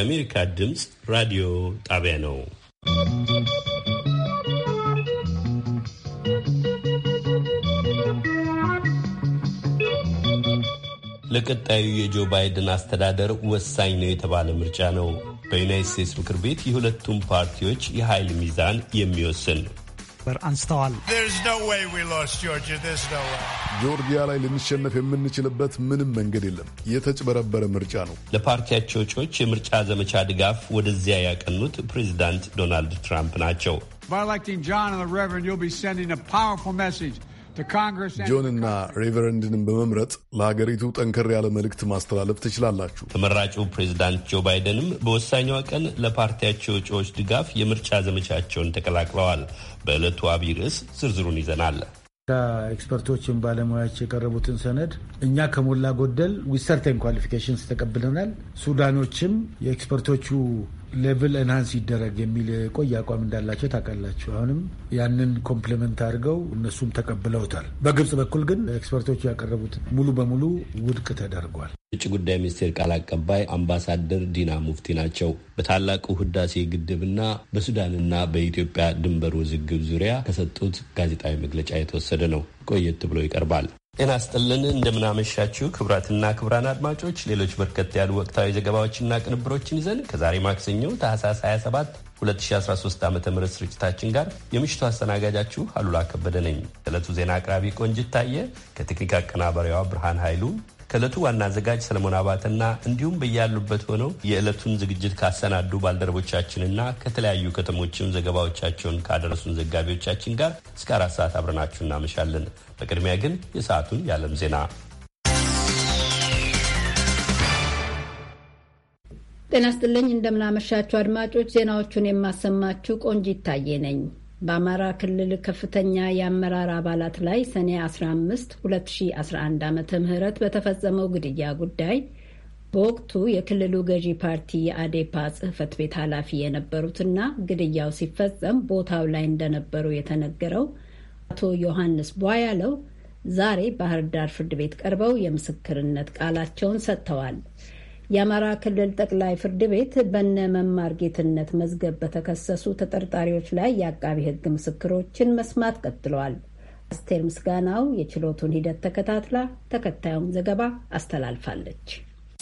የአሜሪካ ድምፅ ራዲዮ ጣቢያ ነው። ለቀጣዩ የጆ ባይደን አስተዳደር ወሳኝ ነው የተባለ ምርጫ ነው። በዩናይት ስቴትስ ምክር ቤት የሁለቱም ፓርቲዎች የኃይል ሚዛን የሚወስን ነው። እንደነበር አንስተዋል። ጆርጂያ ላይ ልንሸነፍ የምንችልበት ምንም መንገድ የለም። የተጭበረበረ ምርጫ ነው። ለፓርቲያቸው እጩዎች የምርጫ ዘመቻ ድጋፍ ወደዚያ ያቀኑት ፕሬዚዳንት ዶናልድ ትራምፕ ናቸው። By electing John and the Reverend, you'll be sending a powerful message ጆንና ሬቨረንድንም uh, በመምረጥ ለሀገሪቱ ጠንከር ያለ መልእክት ማስተላለፍ ትችላላችሁ። ተመራጩ ፕሬዚዳንት ጆ ባይደንም በወሳኛዋ ቀን ለፓርቲያቸው እጩዎች ድጋፍ የምርጫ ዘመቻቸውን ተቀላቅለዋል። በዕለቱ አብይ ርዕስ ዝርዝሩን ይዘናል። ኤክስፐርቶችን ባለሙያዎች የቀረቡትን ሰነድ እኛ ከሞላ ጎደል ዊሰርተን ኳሊፊኬሽንስ ተቀብለናል። ሱዳኖችም የኤክስፐርቶቹ ሌቭል ኤንሃንስ ይደረግ የሚል ቆይ አቋም እንዳላቸው ታውቃላችሁ። አሁንም ያንን ኮምፕሊመንት አድርገው እነሱም ተቀብለውታል። በግብጽ በኩል ግን ኤክስፐርቶች ያቀረቡት ሙሉ በሙሉ ውድቅ ተደርጓል። ውጭ ጉዳይ ሚኒስቴር ቃል አቀባይ አምባሳደር ዲና ሙፍቲ ናቸው። በታላቁ ህዳሴ ግድብና በሱዳንና በኢትዮጵያ ድንበር ውዝግብ ዙሪያ ከሰጡት ጋዜጣዊ መግለጫ የተወሰደ ነው። ቆየት ብሎ ይቀርባል። ጤና ይስጥልን እንደምናመሻችሁ ክቡራትና ክቡራን አድማጮች ሌሎች በርከት ያሉ ወቅታዊ ዘገባዎችና ቅንብሮችን ይዘን ከዛሬ ማክሰኞ ታህሳስ 27 2013 ዓ ም ስርጭታችን ጋር የምሽቱ አስተናጋጃችሁ አሉላ ከበደ ነኝ። ዕለቱ ዜና አቅራቢ ቆንጅት ታየ ከቴክኒክ አቀናባሪዋ ብርሃን ኃይሉ ከእለቱ ዋና አዘጋጅ ሰለሞን አባትና እንዲሁም በያሉበት ሆነው የዕለቱን ዝግጅት ካሰናዱ ባልደረቦቻችንና ከተለያዩ ከተሞችም ዘገባዎቻቸውን ካደረሱን ዘጋቢዎቻችን ጋር እስከ አራት ሰዓት አብረናችሁ እናመሻለን። በቅድሚያ ግን የሰዓቱን የዓለም ዜና ጤና እንደምናመሻቸው እንደምናመሻችሁ አድማጮች፣ ዜናዎቹን የማሰማችሁ ቆንጂ ይታየ ነኝ። በአማራ ክልል ከፍተኛ የአመራር አባላት ላይ ሰኔ 15 2011 ዓ ም በተፈጸመው ግድያ ጉዳይ በወቅቱ የክልሉ ገዢ ፓርቲ የአዴፓ ጽህፈት ቤት ኃላፊ የነበሩትና ግድያው ሲፈጸም ቦታው ላይ እንደነበሩ የተነገረው አቶ ዮሐንስ ቧያለው ዛሬ ባህር ዳር ፍርድ ቤት ቀርበው የምስክርነት ቃላቸውን ሰጥተዋል። የአማራ ክልል ጠቅላይ ፍርድ ቤት በነ መማር ጌትነት መዝገብ በተከሰሱ ተጠርጣሪዎች ላይ የአቃቢ ሕግ ምስክሮችን መስማት ቀጥለዋል። አስቴር ምስጋናው የችሎቱን ሂደት ተከታትላ ተከታዩን ዘገባ አስተላልፋለች።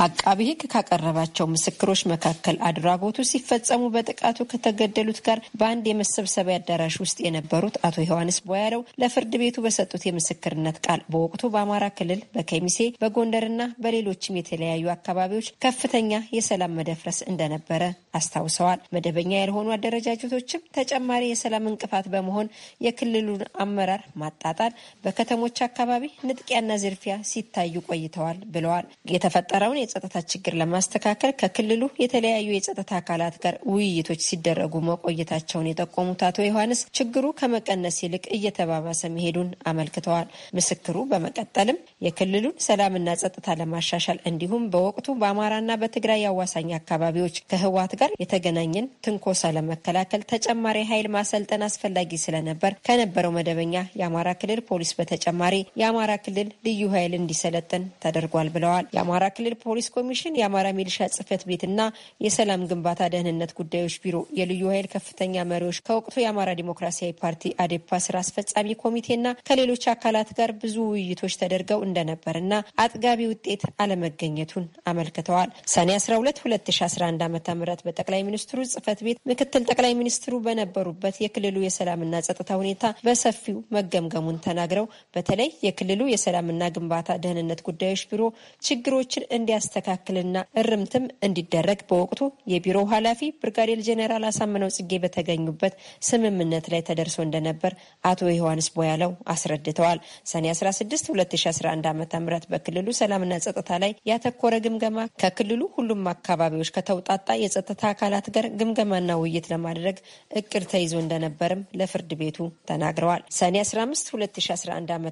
አቃቢ ሕግ ካቀረባቸው ምስክሮች መካከል አድራጎቱ ሲፈጸሙ በጥቃቱ ከተገደሉት ጋር በአንድ የመሰብሰቢያ አዳራሽ ውስጥ የነበሩት አቶ ዮሐንስ ቦያለው ለፍርድ ቤቱ በሰጡት የምስክርነት ቃል በወቅቱ በአማራ ክልል በከሚሴ በጎንደርና በሌሎችም የተለያዩ አካባቢዎች ከፍተኛ የሰላም መደፍረስ እንደነበረ አስታውሰዋል። መደበኛ ያልሆኑ አደረጃጀቶችም ተጨማሪ የሰላም እንቅፋት በመሆን የክልሉን አመራር ማጣጣል፣ በከተሞች አካባቢ ንጥቂያና ዝርፊያ ሲታዩ ቆይተዋል ብለዋል። የተፈጠረውን የጸጥታ ችግር ለማስተካከል ከክልሉ የተለያዩ የጸጥታ አካላት ጋር ውይይቶች ሲደረጉ መቆየታቸውን የጠቆሙት አቶ ዮሐንስ ችግሩ ከመቀነስ ይልቅ እየተባባሰ መሄዱን አመልክተዋል። ምስክሩ በመቀጠልም የክልሉን ሰላምና ጸጥታ ለማሻሻል እንዲሁም በወቅቱ በአማራና በትግራይ አዋሳኝ አካባቢዎች ከህወሓት ጋር የተገናኘን ትንኮሳ ለመከላከል ተጨማሪ ኃይል ማሰልጠን አስፈላጊ ስለነበር ከነበረው መደበኛ የአማራ ክልል ፖሊስ በተጨማሪ የአማራ ክልል ልዩ ኃይል እንዲሰለጥን ተደርጓል ብለዋል። የአማራ ክልል ፖሊስ ፖሊስ ኮሚሽን የአማራ ሚሊሻ ጽህፈት ቤትና የሰላም ግንባታ ደህንነት ጉዳዮች ቢሮ የልዩ ኃይል ከፍተኛ መሪዎች ከወቅቱ የአማራ ዲሞክራሲያዊ ፓርቲ አዴፓ ስራ አስፈጻሚ ኮሚቴና ከሌሎች አካላት ጋር ብዙ ውይይቶች ተደርገው እንደነበርና አጥጋቢ ውጤት አለመገኘቱን አመልክተዋል። ሰኔ 12 2011 ዓ ም በጠቅላይ ሚኒስትሩ ጽህፈት ቤት ምክትል ጠቅላይ ሚኒስትሩ በነበሩበት የክልሉ የሰላምና ጸጥታ ሁኔታ በሰፊው መገምገሙን ተናግረው በተለይ የክልሉ የሰላምና ግንባታ ደህንነት ጉዳዮች ቢሮ ችግሮችን እንዲያ እንዲያስተካክልና እርምትም እንዲደረግ በወቅቱ የቢሮው ኃላፊ ብርጋዴር ጄኔራል አሳምነው ጽጌ በተገኙበት ስምምነት ላይ ተደርሶ እንደነበር አቶ ዮሐንስ ቦያለው አስረድተዋል። ሰኔ 16 2011 ዓ ም በክልሉ ሰላምና ጸጥታ ላይ ያተኮረ ግምገማ ከክልሉ ሁሉም አካባቢዎች ከተውጣጣ የጸጥታ አካላት ጋር ግምገማና ውይይት ለማድረግ እቅድ ተይዞ እንደነበርም ለፍርድ ቤቱ ተናግረዋል። ሰኔ 15 2011 ዓ ም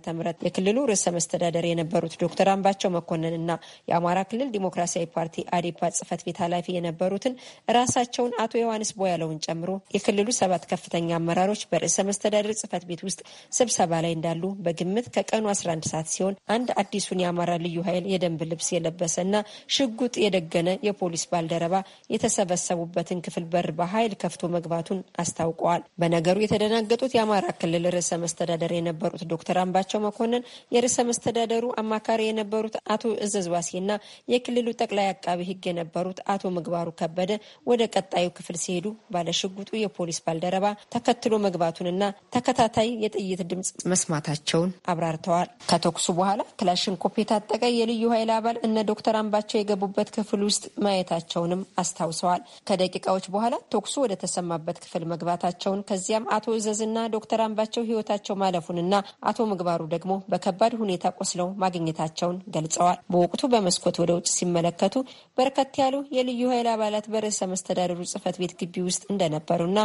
የክልሉ ርዕሰ መስተዳደር የነበሩት ዶክተር አምባቸው እና የአማራ ክልል ዲሞክራሲያዊ ፓርቲ አዴፓ ጽህፈት ቤት ኃላፊ የነበሩትን ራሳቸውን አቶ ዮሐንስ ቦያለውን ጨምሮ የክልሉ ሰባት ከፍተኛ አመራሮች በርዕሰ መስተዳደር ጽህፈት ቤት ውስጥ ስብሰባ ላይ እንዳሉ በግምት ከቀኑ 11 ሰዓት ሲሆን አንድ አዲሱን የአማራ ልዩ ኃይል የደንብ ልብስ የለበሰ እና ሽጉጥ የደገነ የፖሊስ ባልደረባ የተሰበሰቡበትን ክፍል በር በኃይል ከፍቶ መግባቱን አስታውቀዋል። በነገሩ የተደናገጡት የአማራ ክልል ርዕሰ መስተዳደር የነበሩት ዶክተር አምባቸው መኮንን፣ የርዕሰ መስተዳደሩ አማካሪ የነበሩት አቶ እዘዝዋሴ እና የክልሉ ጠቅላይ አቃቢ ሕግ የነበሩት አቶ ምግባሩ ከበደ ወደ ቀጣዩ ክፍል ሲሄዱ ባለሽጉጡ የፖሊስ ባልደረባ ተከትሎ መግባቱንና ተከታታይ የጥይት ድምፅ መስማታቸውን አብራርተዋል። ከተኩሱ በኋላ ክላሽንኮፕ የታጠቀ የልዩ ኃይል አባል እነ ዶክተር አምባቸው የገቡበት ክፍል ውስጥ ማየታቸውንም አስታውሰዋል። ከደቂቃዎች በኋላ ተኩሱ ወደ ተሰማበት ክፍል መግባታቸውን ከዚያም አቶ እዘዝና ዶክተር አምባቸው ህይወታቸው ማለፉንና አቶ ምግባሩ ደግሞ በከባድ ሁኔታ ቆስለው ማግኘታቸውን ገልጸዋል። በወቅቱ በመስኮት ወደ ጉዳዮች ሲመለከቱ በርከት ያሉ የልዩ ኃይል አባላት በርዕሰ መስተዳደሩ ጽህፈት ቤት ግቢ ውስጥ እንደነበሩና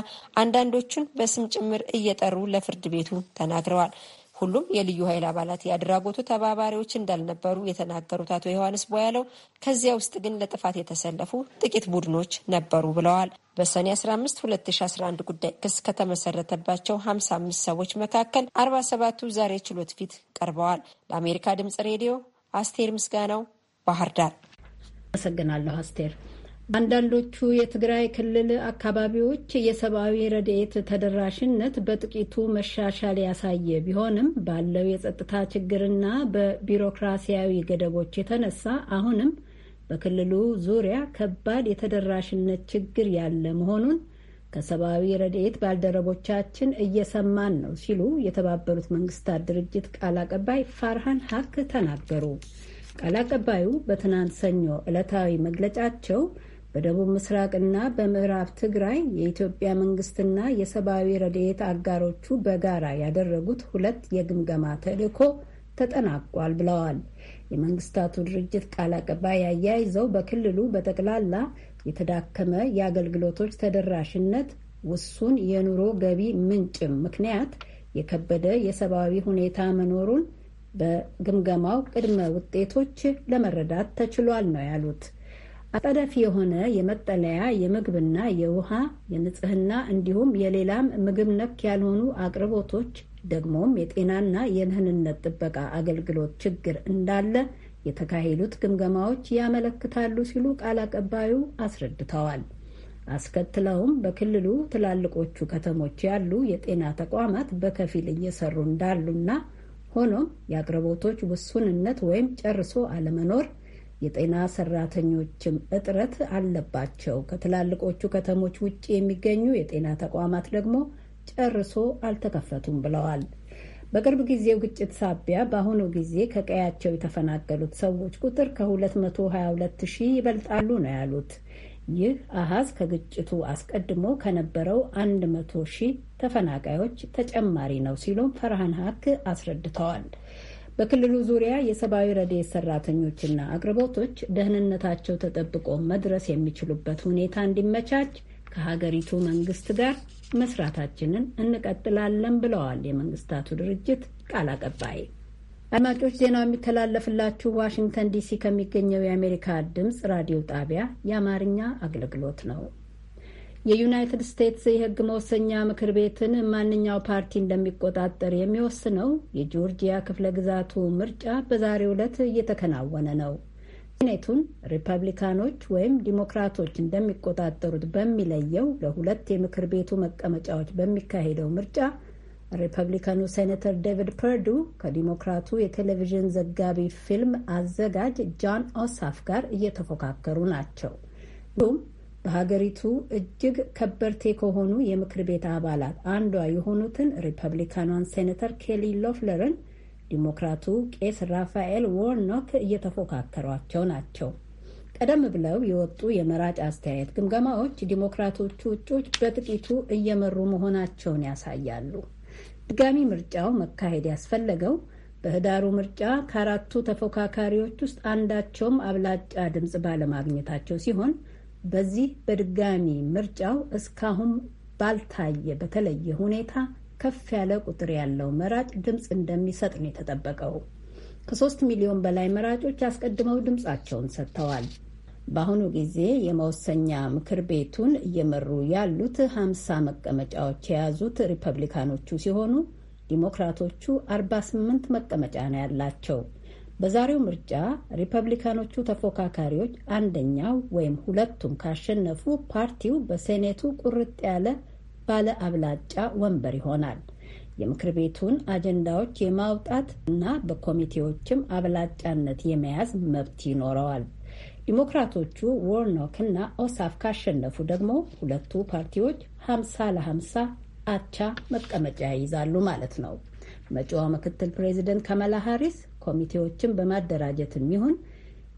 አንዳንዶቹን በስም ጭምር እየጠሩ ለፍርድ ቤቱ ተናግረዋል። ሁሉም የልዩ ኃይል አባላት የአድራጎቱ ተባባሪዎች እንዳልነበሩ የተናገሩት አቶ ዮሐንስ ቦያለው ከዚያ ውስጥ ግን ለጥፋት የተሰለፉ ጥቂት ቡድኖች ነበሩ ብለዋል። በሰኔ 15 2011 ጉዳይ ክስ ከተመሰረተባቸው 55 ሰዎች መካከል 47ቱ ዛሬ ችሎት ፊት ቀርበዋል። ለአሜሪካ ድምጽ ሬዲዮ አስቴር ምስጋናው ባህር ዳር። አመሰግናለሁ አስቴር። አንዳንዶቹ የትግራይ ክልል አካባቢዎች የሰብአዊ ረድኤት ተደራሽነት በጥቂቱ መሻሻል ያሳየ ቢሆንም ባለው የጸጥታ ችግርና በቢሮክራሲያዊ ገደቦች የተነሳ አሁንም በክልሉ ዙሪያ ከባድ የተደራሽነት ችግር ያለ መሆኑን ከሰብአዊ ረድኤት ባልደረቦቻችን እየሰማን ነው ሲሉ የተባበሩት መንግስታት ድርጅት ቃል አቀባይ ፋርሃን ሀክ ተናገሩ። ቃል አቀባዩ በትናንት ሰኞ ዕለታዊ መግለጫቸው በደቡብ ምስራቅና በምዕራብ ትግራይ የኢትዮጵያ መንግስትና የሰብአዊ ረድኤት አጋሮቹ በጋራ ያደረጉት ሁለት የግምገማ ተልዕኮ ተጠናቋል ብለዋል። የመንግስታቱ ድርጅት ቃል አቀባይ አያይዘው በክልሉ በጠቅላላ የተዳከመ የአገልግሎቶች ተደራሽነት፣ ውሱን የኑሮ ገቢ ምንጭም ምክንያት የከበደ የሰብአዊ ሁኔታ መኖሩን በግምገማው ቅድመ ውጤቶች ለመረዳት ተችሏል ነው ያሉት። አጣዳፊ የሆነ የመጠለያ የምግብና የውሃ የንጽህና እንዲሁም የሌላም ምግብ ነክ ያልሆኑ አቅርቦቶች ደግሞም የጤናና የደህንነት ጥበቃ አገልግሎት ችግር እንዳለ የተካሄዱት ግምገማዎች ያመለክታሉ ሲሉ ቃል አቀባዩ አስረድተዋል። አስከትለውም በክልሉ ትላልቆቹ ከተሞች ያሉ የጤና ተቋማት በከፊል እየሰሩ እንዳሉና ሆኖም የአቅርቦቶች ውሱንነት ወይም ጨርሶ አለመኖር የጤና ሰራተኞችም እጥረት አለባቸው። ከትላልቆቹ ከተሞች ውጭ የሚገኙ የጤና ተቋማት ደግሞ ጨርሶ አልተከፈቱም ብለዋል። በቅርብ ጊዜው ግጭት ሳቢያ በአሁኑ ጊዜ ከቀያቸው የተፈናቀሉት ሰዎች ቁጥር ከ222 ሺህ ይበልጣሉ ነው ያሉት። ይህ አሃዝ ከግጭቱ አስቀድሞ ከነበረው 100 ሺህ ተፈናቃዮች ተጨማሪ ነው ሲሉም ፈርሃን ሀክ አስረድተዋል። በክልሉ ዙሪያ የሰብአዊ ረድኤት ሰራተኞችና አቅርቦቶች ደህንነታቸው ተጠብቆ መድረስ የሚችሉበት ሁኔታ እንዲመቻች ከሀገሪቱ መንግስት ጋር መስራታችንን እንቀጥላለን ብለዋል የመንግስታቱ ድርጅት ቃል አቀባይ። አድማጮች ዜናው የሚተላለፍላችሁ ዋሽንግተን ዲሲ ከሚገኘው የአሜሪካ ድምፅ ራዲዮ ጣቢያ የአማርኛ አገልግሎት ነው። የዩናይትድ ስቴትስ የህግ መወሰኛ ምክር ቤትን ማንኛው ፓርቲ እንደሚቆጣጠር የሚወስነው የጆርጂያ ክፍለ ግዛቱ ምርጫ በዛሬው ዕለት እየተከናወነ ነው። ሴኔቱን ሪፐብሊካኖች ወይም ዲሞክራቶች እንደሚቆጣጠሩት በሚለየው ለሁለት የምክር ቤቱ መቀመጫዎች በሚካሄደው ምርጫ ሪፐብሊካኑ ሴኔተር ዴቪድ ፐርዱ ከዲሞክራቱ የቴሌቪዥን ዘጋቢ ፊልም አዘጋጅ ጃን ኦሳፍ ጋር እየተፎካከሩ ናቸው። እንዲሁም በሀገሪቱ እጅግ ከበርቴ ከሆኑ የምክር ቤት አባላት አንዷ የሆኑትን ሪፐብሊካኗን ሴኔተር ኬሊ ሎፍለርን ዲሞክራቱ ቄስ ራፋኤል ዎርኖክ እየተፎካከሯቸው ናቸው። ቀደም ብለው የወጡ የመራጭ አስተያየት ግምገማዎች ዲሞክራቶቹ እጩዎች በጥቂቱ እየመሩ መሆናቸውን ያሳያሉ። ድጋሚ ምርጫው መካሄድ ያስፈለገው በህዳሩ ምርጫ ከአራቱ ተፎካካሪዎች ውስጥ አንዳቸውም አብላጫ ድምፅ ባለማግኘታቸው ሲሆን በዚህ በድጋሚ ምርጫው እስካሁን ባልታየ በተለየ ሁኔታ ከፍ ያለ ቁጥር ያለው መራጭ ድምፅ እንደሚሰጥ ነው የተጠበቀው። ከሶስት ሚሊዮን በላይ መራጮች አስቀድመው ድምፃቸውን ሰጥተዋል። በአሁኑ ጊዜ የመወሰኛ ምክር ቤቱን እየመሩ ያሉት ሀምሳ መቀመጫዎች የያዙት ሪፐብሊካኖቹ ሲሆኑ ዲሞክራቶቹ 48 መቀመጫ ነው ያላቸው። በዛሬው ምርጫ ሪፐብሊካኖቹ ተፎካካሪዎች አንደኛው ወይም ሁለቱም ካሸነፉ ፓርቲው በሴኔቱ ቁርጥ ያለ ባለ አብላጫ ወንበር ይሆናል። የምክር ቤቱን አጀንዳዎች የማውጣት እና በኮሚቴዎችም አብላጫነት የመያዝ መብት ይኖረዋል። ዲሞክራቶቹ ዎርኖክ እና ኦሳፍ ካሸነፉ ደግሞ ሁለቱ ፓርቲዎች ሀምሳ ለሀምሳ አቻ መቀመጫ ይይዛሉ ማለት ነው። መጪዋ ምክትል ፕሬዚደንት ካማላ ሀሪስ ኮሚቴዎችን በማደራጀትም ይሁን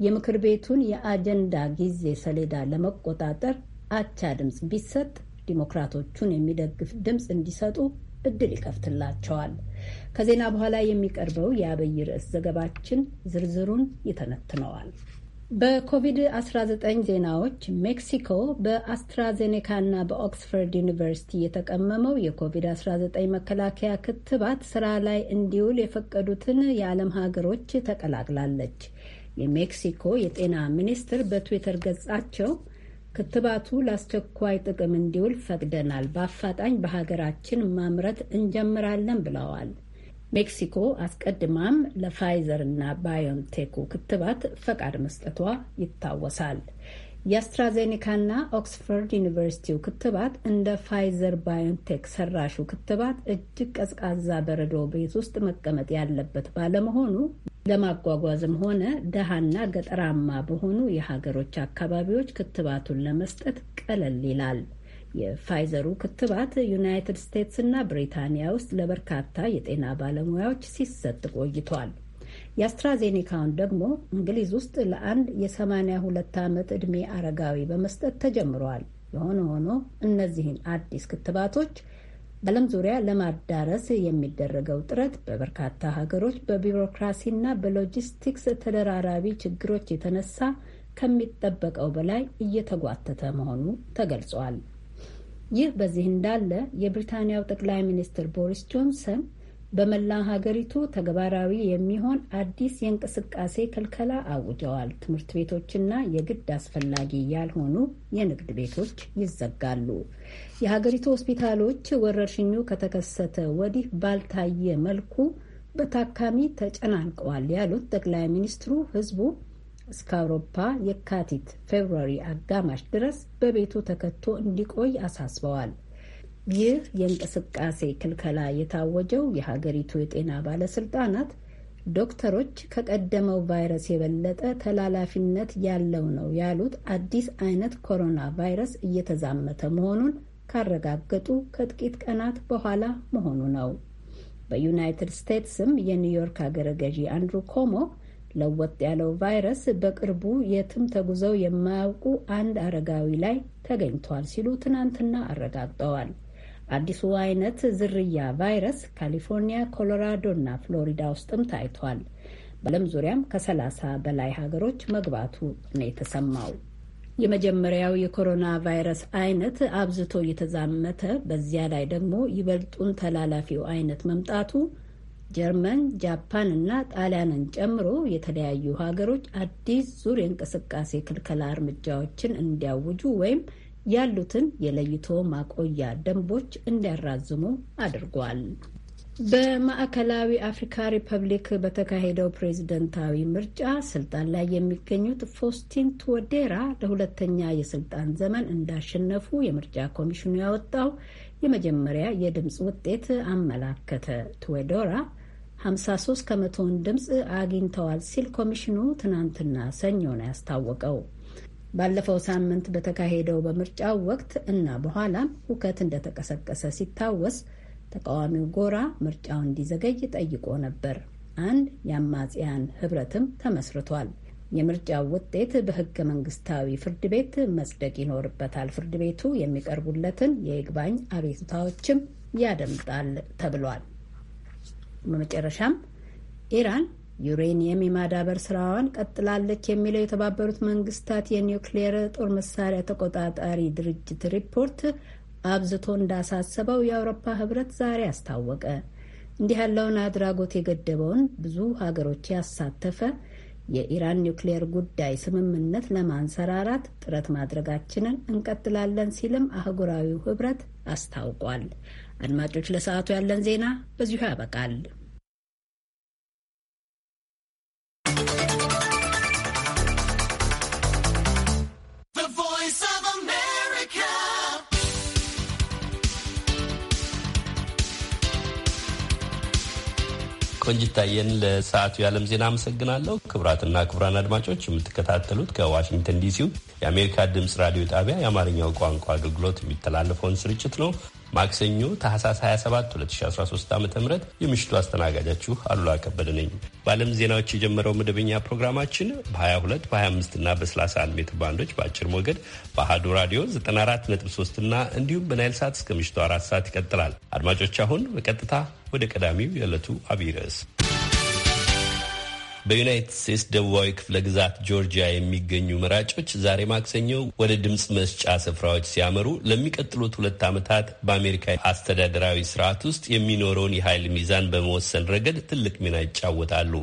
የምክር ቤቱን የአጀንዳ ጊዜ ሰሌዳ ለመቆጣጠር አቻ ድምፅ ቢሰጥ ዲሞክራቶቹን የሚደግፍ ድምፅ እንዲሰጡ እድል ይከፍትላቸዋል። ከዜና በኋላ የሚቀርበው የአብይ ርዕስ ዘገባችን ዝርዝሩን ይተነትነዋል። በኮቪድ-19 ዜናዎች ሜክሲኮ በአስትራዜኔካና በኦክስፎርድ ዩኒቨርሲቲ የተቀመመው የኮቪድ-19 መከላከያ ክትባት ስራ ላይ እንዲውል የፈቀዱትን የዓለም ሀገሮች ተቀላቅላለች። የሜክሲኮ የጤና ሚኒስትር በትዊተር ገጻቸው ክትባቱ ለአስቸኳይ ጥቅም እንዲውል ፈቅደናል፣ በአፋጣኝ በሀገራችን ማምረት እንጀምራለን ብለዋል። ሜክሲኮ አስቀድማም ለፋይዘር እና ባዮንቴኩ ክትባት ፈቃድ መስጠቷ ይታወሳል። የአስትራዜኔካና ኦክስፎርድ ዩኒቨርሲቲው ክትባት እንደ ፋይዘር ባዮንቴክ ሰራሹ ክትባት እጅግ ቀዝቃዛ በረዶ ቤት ውስጥ መቀመጥ ያለበት ባለመሆኑ ለማጓጓዝም ሆነ ደሃና ገጠራማ በሆኑ የሀገሮች አካባቢዎች ክትባቱን ለመስጠት ቀለል ይላል። የፋይዘሩ ክትባት ዩናይትድ ስቴትስ እና ብሪታንያ ውስጥ ለበርካታ የጤና ባለሙያዎች ሲሰጥ ቆይቷል። የአስትራዜኔካውን ደግሞ እንግሊዝ ውስጥ ለአንድ የ82 ዓመት ዕድሜ አረጋዊ በመስጠት ተጀምሯል። የሆነ ሆኖ እነዚህን አዲስ ክትባቶች በዓለም ዙሪያ ለማዳረስ የሚደረገው ጥረት በበርካታ ሀገሮች በቢሮክራሲና በሎጂስቲክስ ተደራራቢ ችግሮች የተነሳ ከሚጠበቀው በላይ እየተጓተተ መሆኑ ተገልጿል። ይህ በዚህ እንዳለ የብሪታንያው ጠቅላይ ሚኒስትር ቦሪስ ጆንሰን በመላ ሀገሪቱ ተግባራዊ የሚሆን አዲስ የእንቅስቃሴ ክልከላ አውጀዋል። ትምህርት ቤቶችና የግድ አስፈላጊ ያልሆኑ የንግድ ቤቶች ይዘጋሉ። የሀገሪቱ ሆስፒታሎች ወረርሽኙ ከተከሰተ ወዲህ ባልታየ መልኩ በታካሚ ተጨናንቀዋል ያሉት ጠቅላይ ሚኒስትሩ ህዝቡ እስከ አውሮፓ የካቲት ፌብሩዋሪ አጋማሽ ድረስ በቤቱ ተከቶ እንዲቆይ አሳስበዋል። ይህ የእንቅስቃሴ ክልከላ የታወጀው የሀገሪቱ የጤና ባለስልጣናት ዶክተሮች ከቀደመው ቫይረስ የበለጠ ተላላፊነት ያለው ነው ያሉት አዲስ አይነት ኮሮና ቫይረስ እየተዛመተ መሆኑን ካረጋገጡ ከጥቂት ቀናት በኋላ መሆኑ ነው። በዩናይትድ ስቴትስም የኒውዮርክ ሀገረ ገዢ አንድሩ ኮሞ ለወጥ ያለው ቫይረስ በቅርቡ የትም ተጉዘው የማያውቁ አንድ አረጋዊ ላይ ተገኝቷል ሲሉ ትናንትና አረጋግጠዋል። አዲሱ አይነት ዝርያ ቫይረስ ካሊፎርኒያ፣ ኮሎራዶ እና ፍሎሪዳ ውስጥም ታይቷል። በዓለም ዙሪያም ከሰላሳ በላይ ሀገሮች መግባቱ ነው የተሰማው። የመጀመሪያው የኮሮና ቫይረስ አይነት አብዝቶ እየተዛመተ በዚያ ላይ ደግሞ ይበልጡን ተላላፊው አይነት መምጣቱ ጀርመን፣ ጃፓን እና ጣሊያንን ጨምሮ የተለያዩ ሀገሮች አዲስ ዙር የእንቅስቃሴ ክልከላ እርምጃዎችን እንዲያውጁ ወይም ያሉትን የለይቶ ማቆያ ደንቦች እንዲያራዝሙ አድርጓል። በማዕከላዊ አፍሪካ ሪፐብሊክ በተካሄደው ፕሬዝደንታዊ ምርጫ ስልጣን ላይ የሚገኙት ፎስቲን ቱወዴራ ለሁለተኛ የስልጣን ዘመን እንዳሸነፉ የምርጫ ኮሚሽኑ ያወጣው የመጀመሪያ የድምፅ ውጤት አመላከተ። ቱወዴራ 53 ከመቶውን ድምፅ አግኝተዋል ሲል ኮሚሽኑ ትናንትና ሰኞ ነው ያስታወቀው። ባለፈው ሳምንት በተካሄደው በምርጫው ወቅት እና በኋላም ሁከት እንደተቀሰቀሰ ሲታወስ ተቃዋሚው ጎራ ምርጫው እንዲዘገይ ጠይቆ ነበር። አንድ የአማጽያን ህብረትም ተመስርቷል። የምርጫው ውጤት በህገ መንግስታዊ ፍርድ ቤት መጽደቅ ይኖርበታል። ፍርድ ቤቱ የሚቀርቡለትን የይግባኝ አቤቱታዎችም ያደምጣል ተብሏል። በመጨረሻም ኢራን ዩሬኒየም የማዳበር ስራዋን ቀጥላለች የሚለው የተባበሩት መንግስታት የኒውክሌር ጦር መሳሪያ ተቆጣጣሪ ድርጅት ሪፖርት አብዝቶ እንዳሳሰበው የአውሮፓ ህብረት ዛሬ አስታወቀ። እንዲህ ያለውን አድራጎት የገደበውን ብዙ ሀገሮች ያሳተፈ የኢራን ኒውክሌር ጉዳይ ስምምነት ለማንሰራራት ጥረት ማድረጋችንን እንቀጥላለን ሲልም አህጉራዊው ህብረት አስታውቋል። አድማጮች፣ ለሰዓቱ ያለን ዜና በዚሁ ያበቃል። ቆንጅታየን ለሰዓቱ የዓለም ዜና አመሰግናለሁ። ክቡራትና ክቡራን አድማጮች የምትከታተሉት ከዋሽንግተን ዲሲው የአሜሪካ ድምፅ ራዲዮ ጣቢያ የአማርኛው ቋንቋ አገልግሎት የሚተላለፈውን ስርጭት ነው። ማክሰኞ ታህሳስ 27 2013 ዓ ም የምሽቱ አስተናጋጃችሁ አሉላ ከበደ ነኝ። በዓለም ዜናዎች የጀመረው መደበኛ ፕሮግራማችን በ22 በ25 እና በ31 ሜትር ባንዶች በአጭር ሞገድ በአሀዱ ራዲዮ 943 እና እንዲሁም በናይል ሰዓት እስከ ምሽቱ አራት ሰዓት ይቀጥላል። አድማጮች አሁን በቀጥታ ወደ ቀዳሚው የዕለቱ አብይ ርዕስ በዩናይትድ ስቴትስ ደቡባዊ ክፍለ ግዛት ጆርጂያ የሚገኙ መራጮች ዛሬ ማክሰኞ ወደ ድምፅ መስጫ ስፍራዎች ሲያመሩ ለሚቀጥሉት ሁለት ዓመታት በአሜሪካ አስተዳደራዊ ስርዓት ውስጥ የሚኖረውን የኃይል ሚዛን በመወሰን ረገድ ትልቅ ሚና ይጫወታሉ።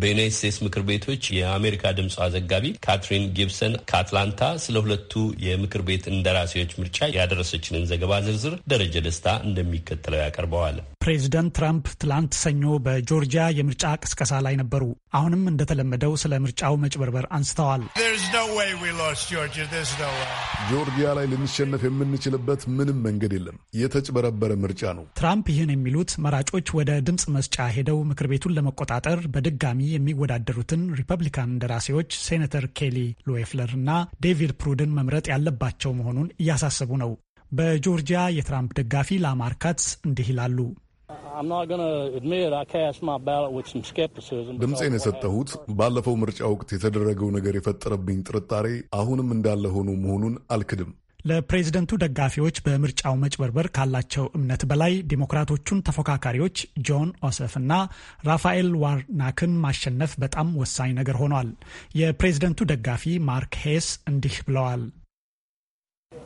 በዩናይት ስቴትስ ምክር ቤቶች የአሜሪካ ድምፅ ዘጋቢ ካትሪን ጊብሰን ከአትላንታ ስለ ሁለቱ የምክር ቤት እንደራሴዎች ምርጫ ያደረሰችንን ዘገባ ዝርዝር ደረጀ ደስታ እንደሚከተለው ያቀርበዋል። ፕሬዚደንት ትራምፕ ትላንት ሰኞ በጆርጂያ የምርጫ ቅስቀሳ ላይ ነበሩ። አሁንም እንደተለመደው ስለ ምርጫው መጭበርበር አንስተዋል። ጆርጂያ ላይ ልንሸነፍ የምንችልበት ምንም መንገድ የለም፣ የተጭበረበረ ምርጫ ነው። ትራምፕ ይህን የሚሉት መራጮች ወደ ድምፅ መስጫ ሄደው ምክር ቤቱን ለመቆጣጠር በድጋሚ የሚወዳደሩትን ሪፐብሊካን እንደራሴዎች ሴኔተር ኬሊ ሎየፍለር እና ዴቪድ ፕሩድን መምረጥ ያለባቸው መሆኑን እያሳሰቡ ነው። በጆርጂያ የትራምፕ ደጋፊ ላማርካትስ እንዲህ ይላሉ። ድምፄን የሰጠሁት ባለፈው ምርጫ ወቅት የተደረገው ነገር የፈጠረብኝ ጥርጣሬ አሁንም እንዳለ ሆኖ መሆኑን አልክድም። ለፕሬዝደንቱ ደጋፊዎች በምርጫው መጭበርበር ካላቸው እምነት በላይ ዴሞክራቶቹን ተፎካካሪዎች ጆን ኦሰፍ እና ራፋኤል ዋርናክን ማሸነፍ በጣም ወሳኝ ነገር ሆኗል። የፕሬዝደንቱ ደጋፊ ማርክ ሄስ እንዲህ ብለዋል።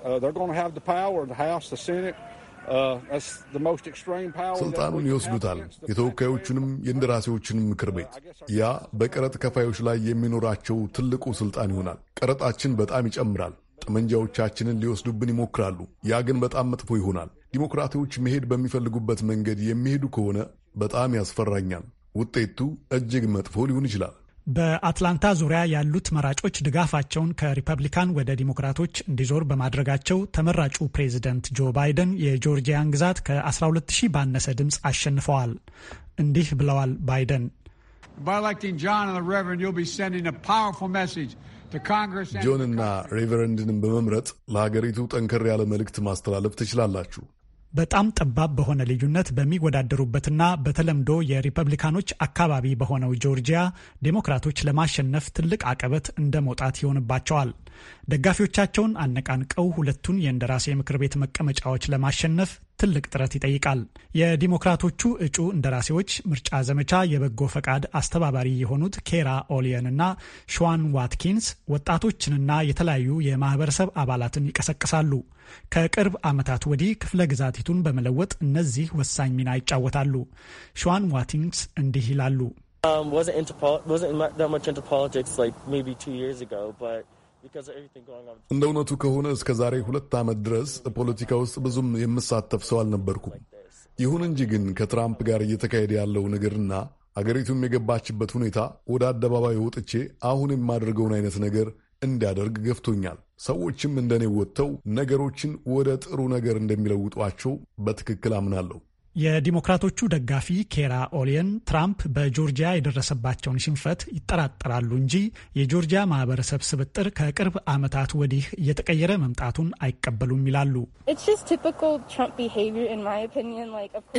uh, Uh, ስልጣኑን ይወስዱታል። የተወካዮቹንም የእንደራሴዎችንም ምክር ቤት። ያ በቀረጥ ከፋዮች ላይ የሚኖራቸው ትልቁ ስልጣን ይሆናል። ቀረጣችን በጣም ይጨምራል። ጠመንጃዎቻችንን ሊወስዱብን ይሞክራሉ። ያ ግን በጣም መጥፎ ይሆናል። ዲሞክራቲዎች መሄድ በሚፈልጉበት መንገድ የሚሄዱ ከሆነ በጣም ያስፈራኛል። ውጤቱ እጅግ መጥፎ ሊሆን ይችላል። በአትላንታ ዙሪያ ያሉት መራጮች ድጋፋቸውን ከሪፐብሊካን ወደ ዲሞክራቶች እንዲዞር በማድረጋቸው ተመራጩ ፕሬዚደንት ጆ ባይደን የጆርጂያን ግዛት ከ12000 ባነሰ ድምፅ አሸንፈዋል። እንዲህ ብለዋል ባይደን ጆንና ሬቨረንድንም በመምረጥ ለሀገሪቱ ጠንከር ያለ መልእክት ማስተላለፍ ትችላላችሁ። በጣም ጠባብ በሆነ ልዩነት በሚወዳደሩበትና በተለምዶ የሪፐብሊካኖች አካባቢ በሆነው ጆርጂያ ዴሞክራቶች ለማሸነፍ ትልቅ አቀበት እንደ መውጣት ይሆንባቸዋል። ደጋፊዎቻቸውን አነቃንቀው ሁለቱን የእንደራሴ ምክር ቤት መቀመጫዎች ለማሸነፍ ትልቅ ጥረት ይጠይቃል። የዲሞክራቶቹ እጩ እንደራሴዎች ምርጫ ዘመቻ የበጎ ፈቃድ አስተባባሪ የሆኑት ኬራ ኦሊየን እና ሽዋን ዋትኪንስ ወጣቶችንና የተለያዩ የማህበረሰብ አባላትን ይቀሰቅሳሉ። ከቅርብ ዓመታት ወዲህ ክፍለ ግዛቲቱን በመለወጥ እነዚህ ወሳኝ ሚና ይጫወታሉ። ሽዋን ዋቲንግስ እንዲህ ይላሉ። እንደ እውነቱ ከሆነ እስከ ዛሬ ሁለት ዓመት ድረስ ፖለቲካ ውስጥ ብዙም የምሳተፍ ሰው አልነበርኩም። ይሁን እንጂ ግን ከትራምፕ ጋር እየተካሄደ ያለው ነገርና አገሪቱም የገባችበት ሁኔታ ወደ አደባባይ ወጥቼ አሁን የማደርገውን አይነት ነገር እንዲያደርግ ገፍቶኛል። ሰዎችም እንደኔ ወጥተው ነገሮችን ወደ ጥሩ ነገር እንደሚለውጧቸው በትክክል አምናለሁ። የዲሞክራቶቹ ደጋፊ ኬራ ኦሊየን ትራምፕ በጆርጂያ የደረሰባቸውን ሽንፈት ይጠራጠራሉ እንጂ የጆርጂያ ማህበረሰብ ስብጥር ከቅርብ ዓመታት ወዲህ እየተቀየረ መምጣቱን አይቀበሉም ይላሉ።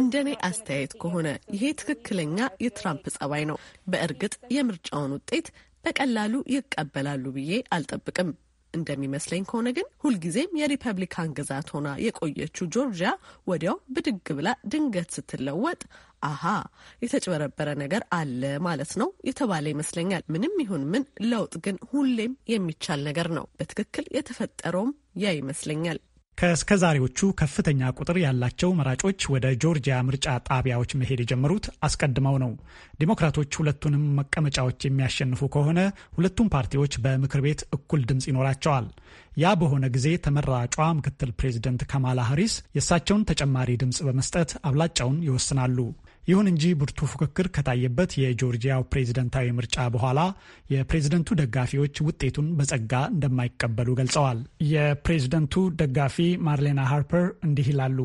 እንደኔ አስተያየት ከሆነ ይሄ ትክክለኛ የትራምፕ ጸባይ ነው። በእርግጥ የምርጫውን ውጤት በቀላሉ ይቀበላሉ ብዬ አልጠብቅም። እንደሚመስለኝ ከሆነ ግን ሁልጊዜም የሪፐብሊካን ግዛት ሆና የቆየችው ጆርጂያ ወዲያው ብድግ ብላ ድንገት ስትለወጥ አሃ የተጭበረበረ ነገር አለ ማለት ነው የተባለ ይመስለኛል። ምንም ይሁን ምን ለውጥ ግን ሁሌም የሚቻል ነገር ነው። በትክክል የተፈጠረውም ያ ይመስለኛል። ከእስከዛሬዎቹ ከፍተኛ ቁጥር ያላቸው መራጮች ወደ ጆርጂያ ምርጫ ጣቢያዎች መሄድ የጀመሩት አስቀድመው ነው። ዲሞክራቶች ሁለቱንም መቀመጫዎች የሚያሸንፉ ከሆነ ሁለቱም ፓርቲዎች በምክር ቤት እኩል ድምፅ ይኖራቸዋል። ያ በሆነ ጊዜ ተመራጯ ምክትል ፕሬዚደንት ካማላ ሀሪስ የእሳቸውን ተጨማሪ ድምፅ በመስጠት አብላጫውን ይወስናሉ። ይሁን እንጂ ብርቱ ፉክክር ከታየበት የጆርጂያው ፕሬዝደንታዊ ምርጫ በኋላ የፕሬዝደንቱ ደጋፊዎች ውጤቱን በጸጋ እንደማይቀበሉ ገልጸዋል። የፕሬዝደንቱ ደጋፊ ማርሌና ሃርፐር እንዲህ ይላሉ።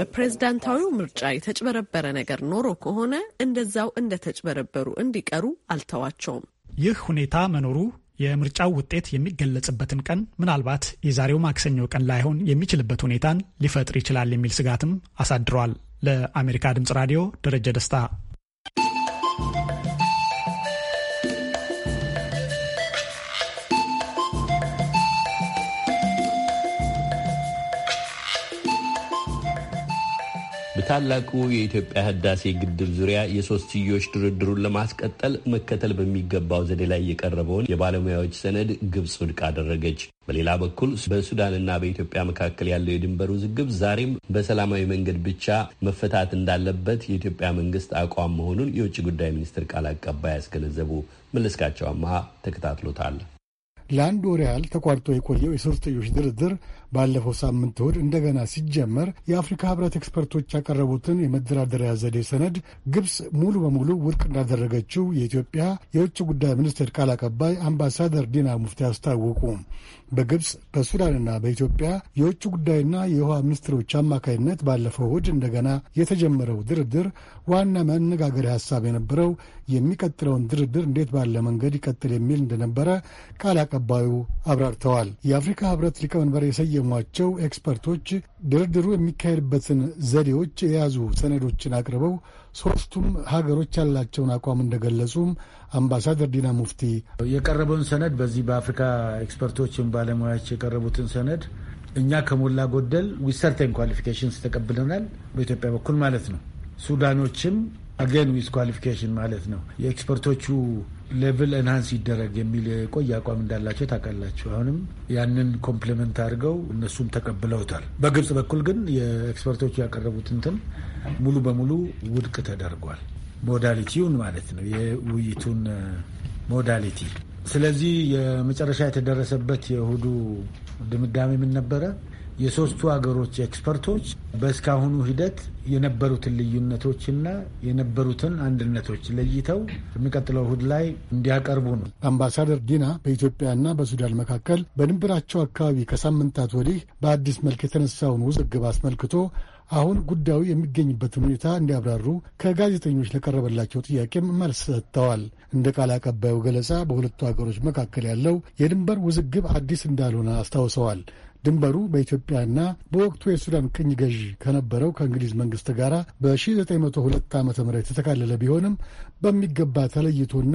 በፕሬዝዳንታዊው ምርጫ የተጭበረበረ ነገር ኖሮ ከሆነ እንደዛው እንደተጭበረበሩ እንዲቀሩ አልተዋቸውም። ይህ ሁኔታ መኖሩ የምርጫው ውጤት የሚገለጽበትን ቀን ምናልባት የዛሬው ማክሰኞ ቀን ላይሆን የሚችልበት ሁኔታን ሊፈጥር ይችላል የሚል ስጋትም አሳድሯል። ለአሜሪካ ድምጽ ራዲዮ ደረጀ ደስታ በታላቁ የኢትዮጵያ ህዳሴ ግድብ ዙሪያ የሶስትዮሽ ድርድሩን ለማስቀጠል መከተል በሚገባው ዘዴ ላይ የቀረበውን የባለሙያዎች ሰነድ ግብፅ ውድቅ አደረገች። በሌላ በኩል በሱዳንና በኢትዮጵያ መካከል ያለው የድንበር ውዝግብ ዛሬም በሰላማዊ መንገድ ብቻ መፈታት እንዳለበት የኢትዮጵያ መንግስት አቋም መሆኑን የውጭ ጉዳይ ሚኒስትር ቃል አቀባይ ያስገነዘቡ። መለስካቸው አመሃ ተከታትሎታል። ለአንድ ወር ያህል ተቋርጦ የቆየው የሶስትዮሽ ድርድር ባለፈው ሳምንት እሁድ እንደገና ሲጀመር የአፍሪካ ህብረት ኤክስፐርቶች ያቀረቡትን የመደራደሪያ ዘዴ ሰነድ ግብፅ ሙሉ በሙሉ ውድቅ እንዳደረገችው የኢትዮጵያ የውጭ ጉዳይ ሚኒስቴር ቃል አቀባይ አምባሳደር ዲና ሙፍቲ አስታወቁ። በግብፅ በሱዳንና በኢትዮጵያ የውጭ ጉዳይና የውሃ ሚኒስትሮች አማካይነት ባለፈው እሁድ እንደገና የተጀመረው ድርድር ዋና መነጋገሪያ ሀሳብ የነበረው የሚቀጥለውን ድርድር እንዴት ባለ መንገድ ይቀጥል የሚል እንደነበረ ቃል አቀባዩ አብራርተዋል። የአፍሪካ ህብረት ሊቀመንበር የሰየሟቸው ኤክስፐርቶች ድርድሩ የሚካሄድበትን ዘዴዎች የያዙ ሰነዶችን አቅርበው ሶስቱም ሀገሮች ያላቸውን አቋም እንደገለጹም አምባሳደር ዲና ሙፍቲ የቀረበውን ሰነድ በዚህ በአፍሪካ ኤክስፐርቶችን ባለሙያዎች የቀረቡትን ሰነድ እኛ ከሞላ ጎደል ዊሰርተን ኳሊፊኬሽንስ ተቀብለናል። በኢትዮጵያ በኩል ማለት ነው። ሱዳኖችም አገን ዊዝ ኳሊፊኬሽን ማለት ነው። የኤክስፐርቶቹ ሌቭል ኤንሃንስ ይደረግ የሚል የቆየ አቋም እንዳላቸው ታውቃላችሁ። አሁንም ያንን ኮምፕሊመንት አድርገው እነሱም ተቀብለውታል። በግብጽ በኩል ግን የኤክስፐርቶቹ ያቀረቡት እንትን ሙሉ በሙሉ ውድቅ ተደርጓል። ሞዳሊቲውን ማለት ነው የውይይቱን ሞዳሊቲ። ስለዚህ የመጨረሻ የተደረሰበት የእሁዱ ድምዳሜ ምን ነበረ? የሶስቱ ሀገሮች ኤክስፐርቶች በእስካሁኑ ሂደት የነበሩትን ልዩነቶችና የነበሩትን አንድነቶች ለይተው የሚቀጥለው እሁድ ላይ እንዲያቀርቡ ነው። አምባሳደር ዲና በኢትዮጵያና በሱዳን መካከል በድንበራቸው አካባቢ ከሳምንታት ወዲህ በአዲስ መልክ የተነሳውን ውዝግብ አስመልክቶ አሁን ጉዳዩ የሚገኝበትን ሁኔታ እንዲያብራሩ ከጋዜጠኞች ለቀረበላቸው ጥያቄም መልስ ሰጥተዋል። እንደ ቃል አቀባዩ ገለጻ በሁለቱ ሀገሮች መካከል ያለው የድንበር ውዝግብ አዲስ እንዳልሆነ አስታውሰዋል። ድንበሩ በኢትዮጵያና በወቅቱ የሱዳን ቅኝ ገዢ ከነበረው ከእንግሊዝ መንግስት ጋር በ1902 ዓ ም የተካለለ ቢሆንም በሚገባ ተለይቶና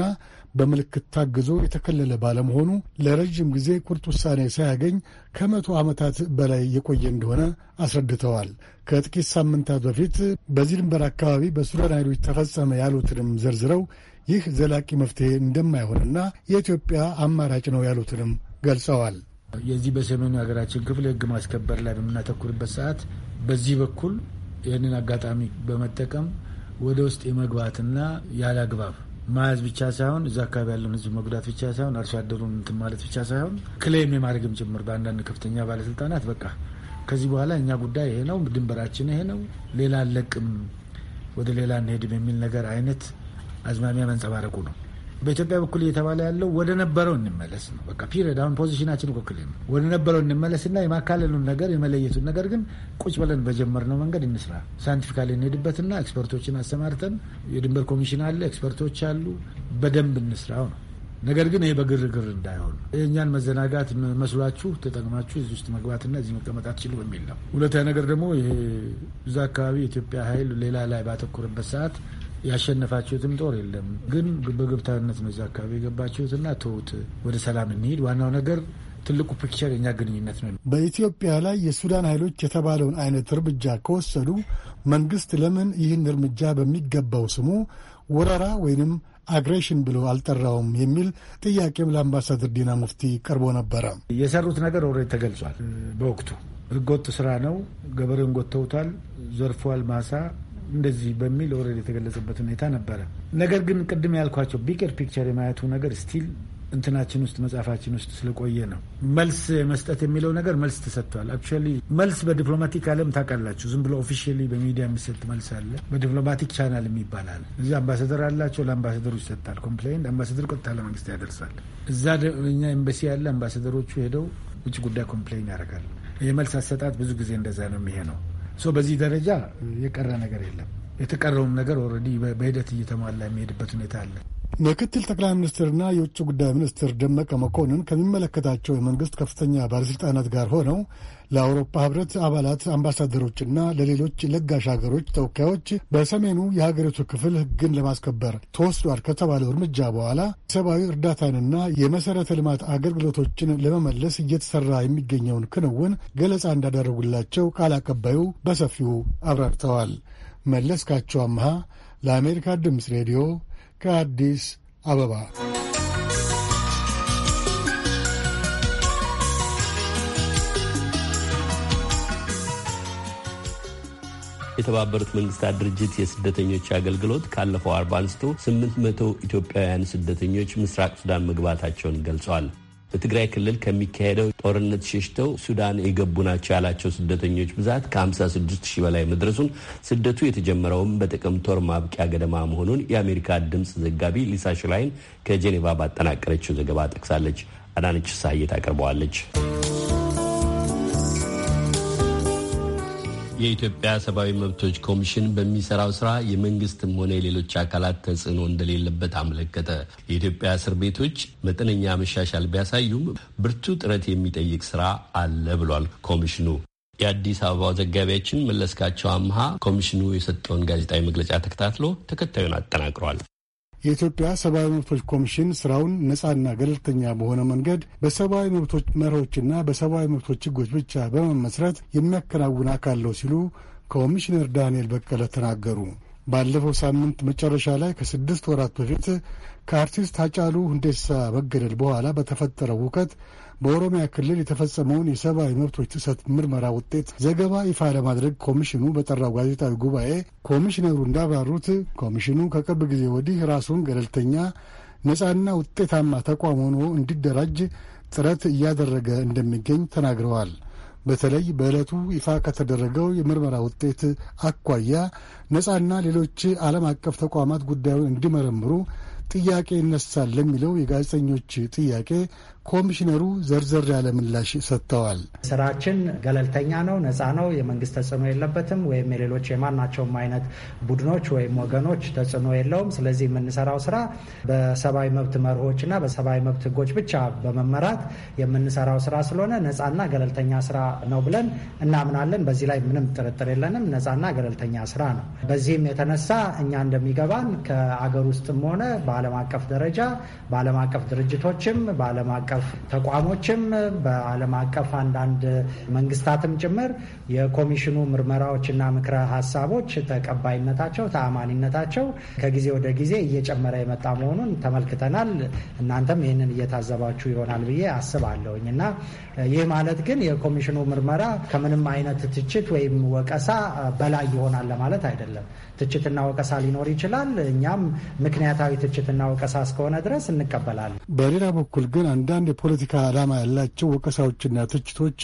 በምልክት ታግዞ የተከለለ ባለመሆኑ ለረዥም ጊዜ ቁርጥ ውሳኔ ሳያገኝ ከመቶ ዓመታት በላይ የቆየ እንደሆነ አስረድተዋል። ከጥቂት ሳምንታት በፊት በዚህ ድንበር አካባቢ በሱዳን ኃይሎች ተፈጸመ ያሉትንም ዘርዝረው ይህ ዘላቂ መፍትሄ እንደማይሆንና የኢትዮጵያ አማራጭ ነው ያሉትንም ገልጸዋል። የዚህ በሰሜኑ የሀገራችን ክፍል ህግ ማስከበር ላይ በምናተኩርበት ሰዓት በዚህ በኩል ይህንን አጋጣሚ በመጠቀም ወደ ውስጥ የመግባትና ያለ አግባብ ማያዝ ብቻ ሳይሆን እዛ አካባቢ ያለውን ህዝብ መጉዳት ብቻ ሳይሆን አርሶ አደሩን እንትን ማለት ብቻ ሳይሆን ክሌም የማድረግም ጭምር በአንዳንድ ከፍተኛ ባለስልጣናት በቃ ከዚህ በኋላ እኛ ጉዳይ ይሄ ነው፣ ድንበራችን ይሄ ነው፣ ሌላ አለቅም፣ ወደ ሌላ እንሄድም የሚል ነገር አይነት አዝማሚያ መንጸባረቁ ነው። በኢትዮጵያ በኩል እየተባለ ያለው ወደ ነበረው እንመለስ ነው። በቃ ፒሪድ። አሁን ፖዚሽናችን ኮክል ነው። ወደ ነበረው እንመለስና የማካለሉን ነገር የመለየቱን ነገር ግን ቁጭ ብለን በጀመርነው መንገድ እንስራ። ሳይንቲፊካሊ እንሄድበትና ኤክስፐርቶችን አሰማርተን የድንበር ኮሚሽን አለ፣ ኤክስፐርቶች አሉ፣ በደንብ እንስራው ነው። ነገር ግን ይሄ በግርግር እንዳይሆን የእኛን መዘናጋት መስሏችሁ ተጠቅማችሁ እዚህ ውስጥ መግባትና እዚህ መቀመጥ አትችሉ በሚል ነው። ሁለተኛ ነገር ደግሞ ይሄ እዛ አካባቢ የኢትዮጵያ ኃይል ሌላ ላይ ባተኮረበት ሰዓት ያሸነፋችሁትም ጦር የለም፣ ግን በግብታዊነት ነው እዛ አካባቢ የገባችሁትና ተውት፣ ወደ ሰላም እንሂድ። ዋናው ነገር ትልቁ ፒክቸር የኛ ግንኙነት ነው። በኢትዮጵያ ላይ የሱዳን ኃይሎች የተባለውን አይነት እርምጃ ከወሰዱ መንግስት ለምን ይህን እርምጃ በሚገባው ስሙ ወረራ ወይንም አግሬሽን ብሎ አልጠራውም የሚል ጥያቄም ለአምባሳደር ዲና ሙፍቲ ቀርቦ ነበረ። የሰሩት ነገር ኦልሬዲ ተገልጿል። በወቅቱ ህገወጥ ስራ ነው። ገበሬውን ጎተውታል፣ ዘርፏል ማሳ እንደዚህ በሚል ረ የተገለጸበት ሁኔታ ነበረ። ነገር ግን ቅድም ያልኳቸው ቢቅር ፒክቸር የማየቱ ነገር ስቲል እንትናችን ውስጥ መጽሐፋችን ውስጥ ስለቆየ ነው። መልስ መስጠት የሚለው ነገር መልስ ተሰጥቷል። አክቹዋሊ መልስ በዲፕሎማቲክ ዓለም ታውቃላችሁ፣ ዝም ብሎ ኦፊሻሊ በሚዲያ የሚሰጥ መልስ አለ፣ በዲፕሎማቲክ ቻናል የሚባላል አለ። እዚህ አምባሳደር አላቸው፣ ለአምባሳደሩ ይሰጣል። ኮምፕሌንት። አምባሳደር ቀጥታ ለመንግስት ያደርሳል። እዛ እኛ ኤምበሲ ያለ አምባሳደሮቹ ሄደው ውጭ ጉዳይ ኮምፕሌን ያደርጋል። የመልስ አሰጣጥ ብዙ ጊዜ እንደዛ ነው የሚሄ ነው በዚህ ደረጃ የቀረ ነገር የለም። የተቀረውም ነገር ኦልሬዲ በሂደት እየተሟላ የሚሄድበት ሁኔታ አለ። ምክትል ጠቅላይ ሚኒስትርና የውጭ ጉዳይ ሚኒስትር ደመቀ መኮንን ከሚመለከታቸው የመንግስት ከፍተኛ ባለሥልጣናት ጋር ሆነው ለአውሮፓ ህብረት አባላት አምባሳደሮችና ለሌሎች ለጋሽ ሀገሮች ተወካዮች በሰሜኑ የሀገሪቱ ክፍል ህግን ለማስከበር ተወስዷል ከተባለው እርምጃ በኋላ ሰብአዊ እርዳታንና የመሠረተ ልማት አገልግሎቶችን ለመመለስ እየተሰራ የሚገኘውን ክንውን ገለጻ እንዳደረጉላቸው ቃል አቀባዩ በሰፊው አብራርተዋል። መለስካቸው አምሃ ለአሜሪካ ድምፅ ሬዲዮ ከአዲስ አበባ የተባበሩት መንግስታት ድርጅት የስደተኞች አገልግሎት ካለፈው አርባ አንስቶ መቶ ኢትዮጵያውያን ስደተኞች ምስራቅ ሱዳን መግባታቸውን ገልጿል። በትግራይ ክልል ከሚካሄደው ጦርነት ሸሽተው ሱዳን የገቡ ናቸው ያላቸው ስደተኞች ብዛት ከ56 ሺህ በላይ መድረሱን ስደቱ የተጀመረውም በጥቅምት ወር ማብቂያ ገደማ መሆኑን የአሜሪካ ድምፅ ዘጋቢ ሊሳ ሽላይን ከጄኔቫ ባጠናቀረችው ዘገባ ጠቅሳለች። አዳነች ሳየት አቅርበዋለች። የኢትዮጵያ ሰብአዊ መብቶች ኮሚሽን በሚሰራው ስራ የመንግስትም ሆነ የሌሎች አካላት ተጽዕኖ እንደሌለበት አመለከተ። የኢትዮጵያ እስር ቤቶች መጠነኛ መሻሻል ቢያሳዩም ብርቱ ጥረት የሚጠይቅ ስራ አለ ብሏል ኮሚሽኑ። የአዲስ አበባው ዘጋቢያችን መለስካቸው አምሃ ኮሚሽኑ የሰጠውን ጋዜጣዊ መግለጫ ተከታትሎ ተከታዩን አጠናቅሯል። የኢትዮጵያ ሰብአዊ መብቶች ኮሚሽን ስራውን ነጻና ገለልተኛ በሆነ መንገድ በሰብአዊ መብቶች መርሆችና በሰብአዊ መብቶች ህጎች ብቻ በመመስረት የሚያከናውን አካል ነው ሲሉ ኮሚሽነር ዳንኤል በቀለ ተናገሩ። ባለፈው ሳምንት መጨረሻ ላይ ከስድስት ወራት በፊት ከአርቲስት አጫሉ ሁንዴሳ መገደል በኋላ በተፈጠረው ውከት በኦሮሚያ ክልል የተፈጸመውን የሰብአዊ መብቶች ጥሰት ምርመራ ውጤት ዘገባ ይፋ ለማድረግ ኮሚሽኑ በጠራው ጋዜጣዊ ጉባኤ ኮሚሽነሩ እንዳብራሩት ኮሚሽኑ ከቅርብ ጊዜ ወዲህ ራሱን ገለልተኛ ነጻና ውጤታማ ተቋም ሆኖ እንዲደራጅ ጥረት እያደረገ እንደሚገኝ ተናግረዋል። በተለይ በዕለቱ ይፋ ከተደረገው የምርመራ ውጤት አኳያ ነጻና ሌሎች ዓለም አቀፍ ተቋማት ጉዳዩን እንዲመረምሩ ጥያቄ ይነሳል ለሚለው የጋዜጠኞች ጥያቄ ኮሚሽነሩ ዘርዘር ያለ ምላሽ ሰጥተዋል። ስራችን ገለልተኛ ነው፣ ነፃ ነው፣ የመንግስት ተጽዕኖ የለበትም ወይም የሌሎች የማናቸውም አይነት ቡድኖች ወይም ወገኖች ተጽዕኖ የለውም። ስለዚህ የምንሰራው ስራ በሰብአዊ መብት መርሆችና በሰብአዊ መብት ህጎች ብቻ በመመራት የምንሰራው ስራ ስለሆነ ነፃና ገለልተኛ ስራ ነው ብለን እናምናለን። በዚህ ላይ ምንም ጥርጥር የለንም። ነፃና ገለልተኛ ስራ ነው። በዚህም የተነሳ እኛ እንደሚገባን ከአገር ውስጥም ሆነ በዓለም አቀፍ ደረጃ በዓለም አቀፍ ድርጅቶችም በዓለም አቀፍ ተቋሞችም በዓለም አቀፍ አንዳንድ መንግስታትም ጭምር የኮሚሽኑ ምርመራዎችና ምክረ ሀሳቦች ተቀባይነታቸው፣ ተአማኒነታቸው ከጊዜ ወደ ጊዜ እየጨመረ የመጣ መሆኑን ተመልክተናል። እናንተም ይህንን እየታዘባችሁ ይሆናል ብዬ አስባለሁኝ እና ይህ ማለት ግን የኮሚሽኑ ምርመራ ከምንም አይነት ትችት ወይም ወቀሳ በላይ ይሆናል ለማለት አይደለም። ትችትና ወቀሳ ሊኖር ይችላል። እኛም ምክንያታዊ ትችትና ወቀሳ እስከሆነ ድረስ እንቀበላለን። በሌላ በኩል ግን አንዳንድ አንዳንድ የፖለቲካ ዓላማ ያላቸው ወቀሳዎችና ትችቶች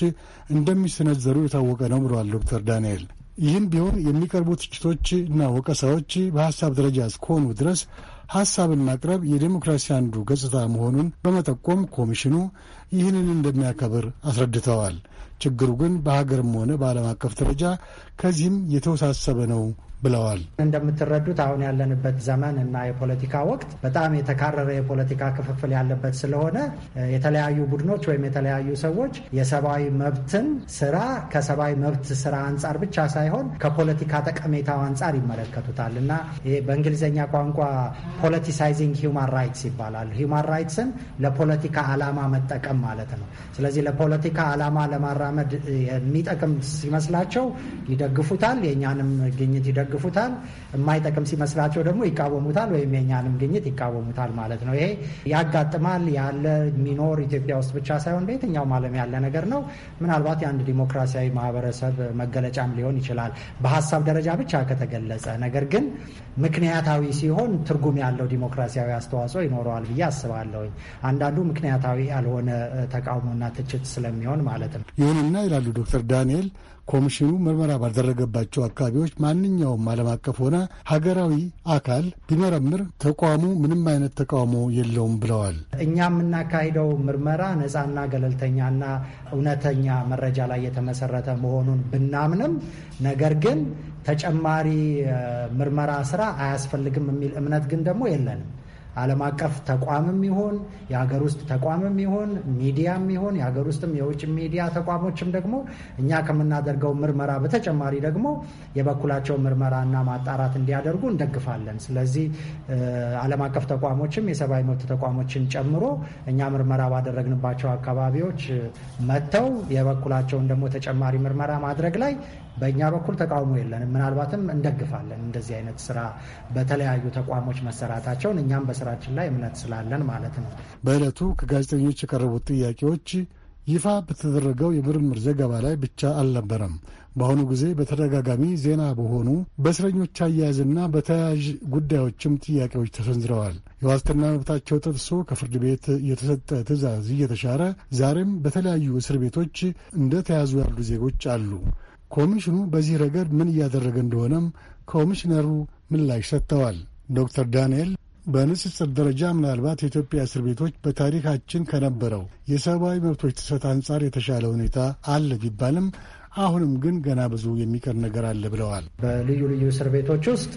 እንደሚሰነዘሩ የታወቀ ነው ብለዋል ዶክተር ዳንኤል። ይህም ቢሆን የሚቀርቡ ትችቶች እና ወቀሳዎች በሀሳብ ደረጃ እስከሆኑ ድረስ ሀሳብን ማቅረብ የዴሞክራሲ አንዱ ገጽታ መሆኑን በመጠቆም ኮሚሽኑ ይህንን እንደሚያከብር አስረድተዋል። ችግሩ ግን በሀገርም ሆነ በዓለም አቀፍ ደረጃ ከዚህም የተወሳሰበ ነው ብለዋል። እንደምትረዱት አሁን ያለንበት ዘመን እና የፖለቲካ ወቅት በጣም የተካረረ የፖለቲካ ክፍፍል ያለበት ስለሆነ የተለያዩ ቡድኖች ወይም የተለያዩ ሰዎች የሰብአዊ መብትን ስራ ከሰብአዊ መብት ስራ አንጻር ብቻ ሳይሆን ከፖለቲካ ጠቀሜታው አንጻር ይመለከቱታል እና በእንግሊዝኛ ቋንቋ ፖለቲሳይዚንግ ሂውማን ራይትስ ይባላል። ሂውማን ራይትስን ለፖለቲካ አላማ መጠቀም ማለት ነው። ስለዚህ ለፖለቲካ አላማ ለማራመድ የሚጠቅም ሲመስላቸው ይደግፉታል። የእኛንም ግኝት ይደግ ይደግፉታል፣ የማይጠቅም ሲመስላቸው ደግሞ ይቃወሙታል፣ ወይም የኛንም ግኝት ይቃወሙታል ማለት ነው። ይሄ ያጋጥማል። ያለ የሚኖር ኢትዮጵያ ውስጥ ብቻ ሳይሆን በየትኛውም ዓለም ያለ ነገር ነው። ምናልባት የአንድ ዲሞክራሲያዊ ማህበረሰብ መገለጫም ሊሆን ይችላል በሀሳብ ደረጃ ብቻ ከተገለጸ። ነገር ግን ምክንያታዊ ሲሆን ትርጉም ያለው ዲሞክራሲያዊ አስተዋጽኦ ይኖረዋል ብዬ አስባለሁኝ። አንዳንዱ ምክንያታዊ ያልሆነ ተቃውሞና ትችት ስለሚሆን ማለት ነው። ይሁንና ይላሉ ዶክተር ዳንኤል ኮሚሽኑ ምርመራ ባልደረገባቸው አካባቢዎች ማንኛውም ዓለም አቀፍ ሆነ ሀገራዊ አካል ቢመረምር ተቋሙ ምንም አይነት ተቃውሞ የለውም ብለዋል። እኛ የምናካሂደው ምርመራ ነፃና ገለልተኛና እውነተኛ መረጃ ላይ የተመሰረተ መሆኑን ብናምንም ነገር ግን ተጨማሪ ምርመራ ስራ አያስፈልግም የሚል እምነት ግን ደግሞ የለንም። ዓለም አቀፍ ተቋምም ይሆን የሀገር ውስጥ ተቋምም ይሁን ሚዲያም ይሁን የሀገር ውስጥም የውጭ ሚዲያ ተቋሞችም ደግሞ እኛ ከምናደርገው ምርመራ በተጨማሪ ደግሞ የበኩላቸው ምርመራና ማጣራት እንዲያደርጉ እንደግፋለን። ስለዚህ ዓለም አቀፍ ተቋሞችም የሰብአዊ መብት ተቋሞችን ጨምሮ እኛ ምርመራ ባደረግንባቸው አካባቢዎች መጥተው የበኩላቸውን ደግሞ ተጨማሪ ምርመራ ማድረግ ላይ በእኛ በኩል ተቃውሞ የለንም። ምናልባትም እንደግፋለን። እንደዚህ አይነት ስራ በተለያዩ ተቋሞች መሰራታቸውን እኛም በስራ ስራችን ላይ እምነት ስላለን ማለት ነው። በዕለቱ ከጋዜጠኞች የቀረቡት ጥያቄዎች ይፋ በተደረገው የምርምር ዘገባ ላይ ብቻ አልነበረም። በአሁኑ ጊዜ በተደጋጋሚ ዜና በሆኑ በእስረኞች አያያዝና በተያያዥ ጉዳዮችም ጥያቄዎች ተሰንዝረዋል። የዋስትና መብታቸው ጠብሶ ከፍርድ ቤት የተሰጠ ትዕዛዝ እየተሻረ ዛሬም በተለያዩ እስር ቤቶች እንደተያዙ ያሉ ዜጎች አሉ። ኮሚሽኑ በዚህ ረገድ ምን እያደረገ እንደሆነም ኮሚሽነሩ ምላሽ ሰጥተዋል። ዶክተር ዳንኤል በንጽጽር ደረጃ ምናልባት የኢትዮጵያ እስር ቤቶች በታሪካችን ከነበረው የሰብአዊ መብቶች ጥሰት አንጻር የተሻለ ሁኔታ አለ ቢባልም አሁንም ግን ገና ብዙ የሚቀር ነገር አለ ብለዋል። በልዩ ልዩ እስር ቤቶች ውስጥ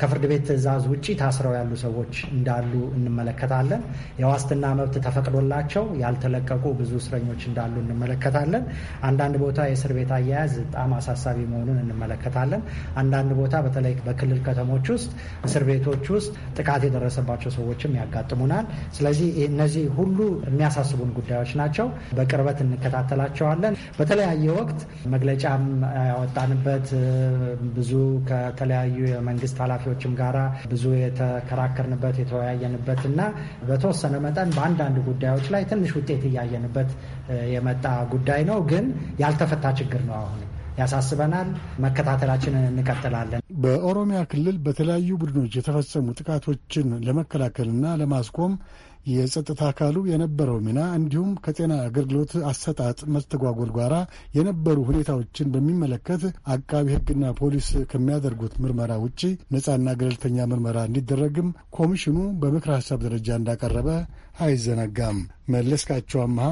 ከፍርድ ቤት ትዕዛዝ ውጭ ታስረው ያሉ ሰዎች እንዳሉ እንመለከታለን። የዋስትና መብት ተፈቅዶላቸው ያልተለቀቁ ብዙ እስረኞች እንዳሉ እንመለከታለን። አንዳንድ ቦታ የእስር ቤት አያያዝ በጣም አሳሳቢ መሆኑን እንመለከታለን። አንዳንድ ቦታ በተለይ በክልል ከተሞች ውስጥ እስር ቤቶች ውስጥ ጥቃት የደረሰባቸው ሰዎችም ያጋጥሙናል። ስለዚህ እነዚህ ሁሉ የሚያሳስቡን ጉዳዮች ናቸው። በቅርበት እንከታተላቸዋለን። በተለያየ ወቅት መግለጫም ያወጣንበት ብዙ ከተለያዩ የመንግስት ኃላፊ ኃላፊዎችም ጋር ብዙ የተከራከርንበት የተወያየንበት እና በተወሰነ መጠን በአንዳንድ ጉዳዮች ላይ ትንሽ ውጤት እያየንበት የመጣ ጉዳይ ነው። ግን ያልተፈታ ችግር ነው አሁን ያሳስበናል። መከታተላችንን እንቀጥላለን። በኦሮሚያ ክልል በተለያዩ ቡድኖች የተፈጸሙ ጥቃቶችን ለመከላከልና ለማስቆም የጸጥታ አካሉ የነበረው ሚና እንዲሁም ከጤና አገልግሎት አሰጣጥ መስተጓጎል ጋራ የነበሩ ሁኔታዎችን በሚመለከት አቃቢ ሕግና ፖሊስ ከሚያደርጉት ምርመራ ውጪ ነጻና ገለልተኛ ምርመራ እንዲደረግም ኮሚሽኑ በምክር ሀሳብ ደረጃ እንዳቀረበ አይዘነጋም። መለስካቸው አምሃ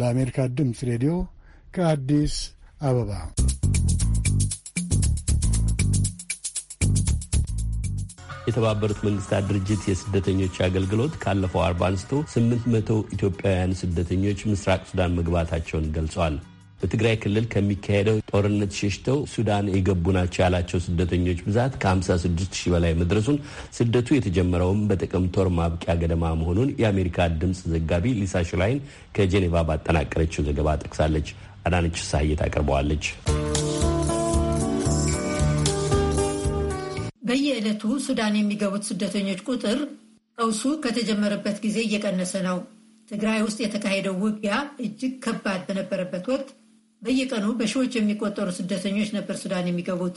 ለአሜሪካ ድምፅ ሬዲዮ ከአዲስ አበባ የተባበሩት መንግስታት ድርጅት የስደተኞች አገልግሎት ካለፈው አርባ አንስቶ 800 ኢትዮጵያውያን ስደተኞች ምስራቅ ሱዳን መግባታቸውን ገልጿል። በትግራይ ክልል ከሚካሄደው ጦርነት ሸሽተው ሱዳን የገቡ ናቸው ያላቸው ስደተኞች ብዛት ከ56 ሺህ በላይ መድረሱን ስደቱ የተጀመረውም በጥቅምት ወር ማብቂያ ገደማ መሆኑን የአሜሪካ ድምፅ ዘጋቢ ሊሳ ሽላይን ከጄኔቫ ባጠናቀረችው ዘገባ ጠቅሳለች። አዳነች ሳየት አቅርበዋለች። በየዕለቱ ሱዳን የሚገቡት ስደተኞች ቁጥር ቀውሱ ከተጀመረበት ጊዜ እየቀነሰ ነው። ትግራይ ውስጥ የተካሄደው ውጊያ እጅግ ከባድ በነበረበት ወቅት በየቀኑ በሺዎች የሚቆጠሩ ስደተኞች ነበር ሱዳን የሚገቡት።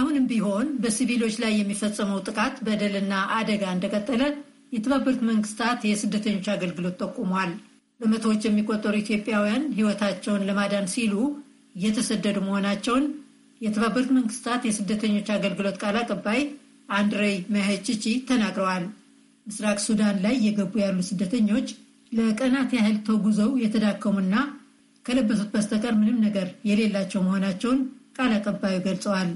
አሁንም ቢሆን በሲቪሎች ላይ የሚፈጸመው ጥቃት በደልና አደጋ እንደቀጠለ የተባበሩት መንግስታት የስደተኞች አገልግሎት ጠቁሟል። በመቶዎች የሚቆጠሩ ኢትዮጵያውያን ሕይወታቸውን ለማዳን ሲሉ እየተሰደዱ መሆናቸውን የተባበሩት መንግስታት የስደተኞች አገልግሎት ቃል አቀባይ አንድሬይ መሄችቺ ተናግረዋል። ምስራቅ ሱዳን ላይ የገቡ ያሉ ስደተኞች ለቀናት ያህል ተጉዘው የተዳከሙና ከለበሱት በስተቀር ምንም ነገር የሌላቸው መሆናቸውን ቃል አቀባዩ ገልጸዋል።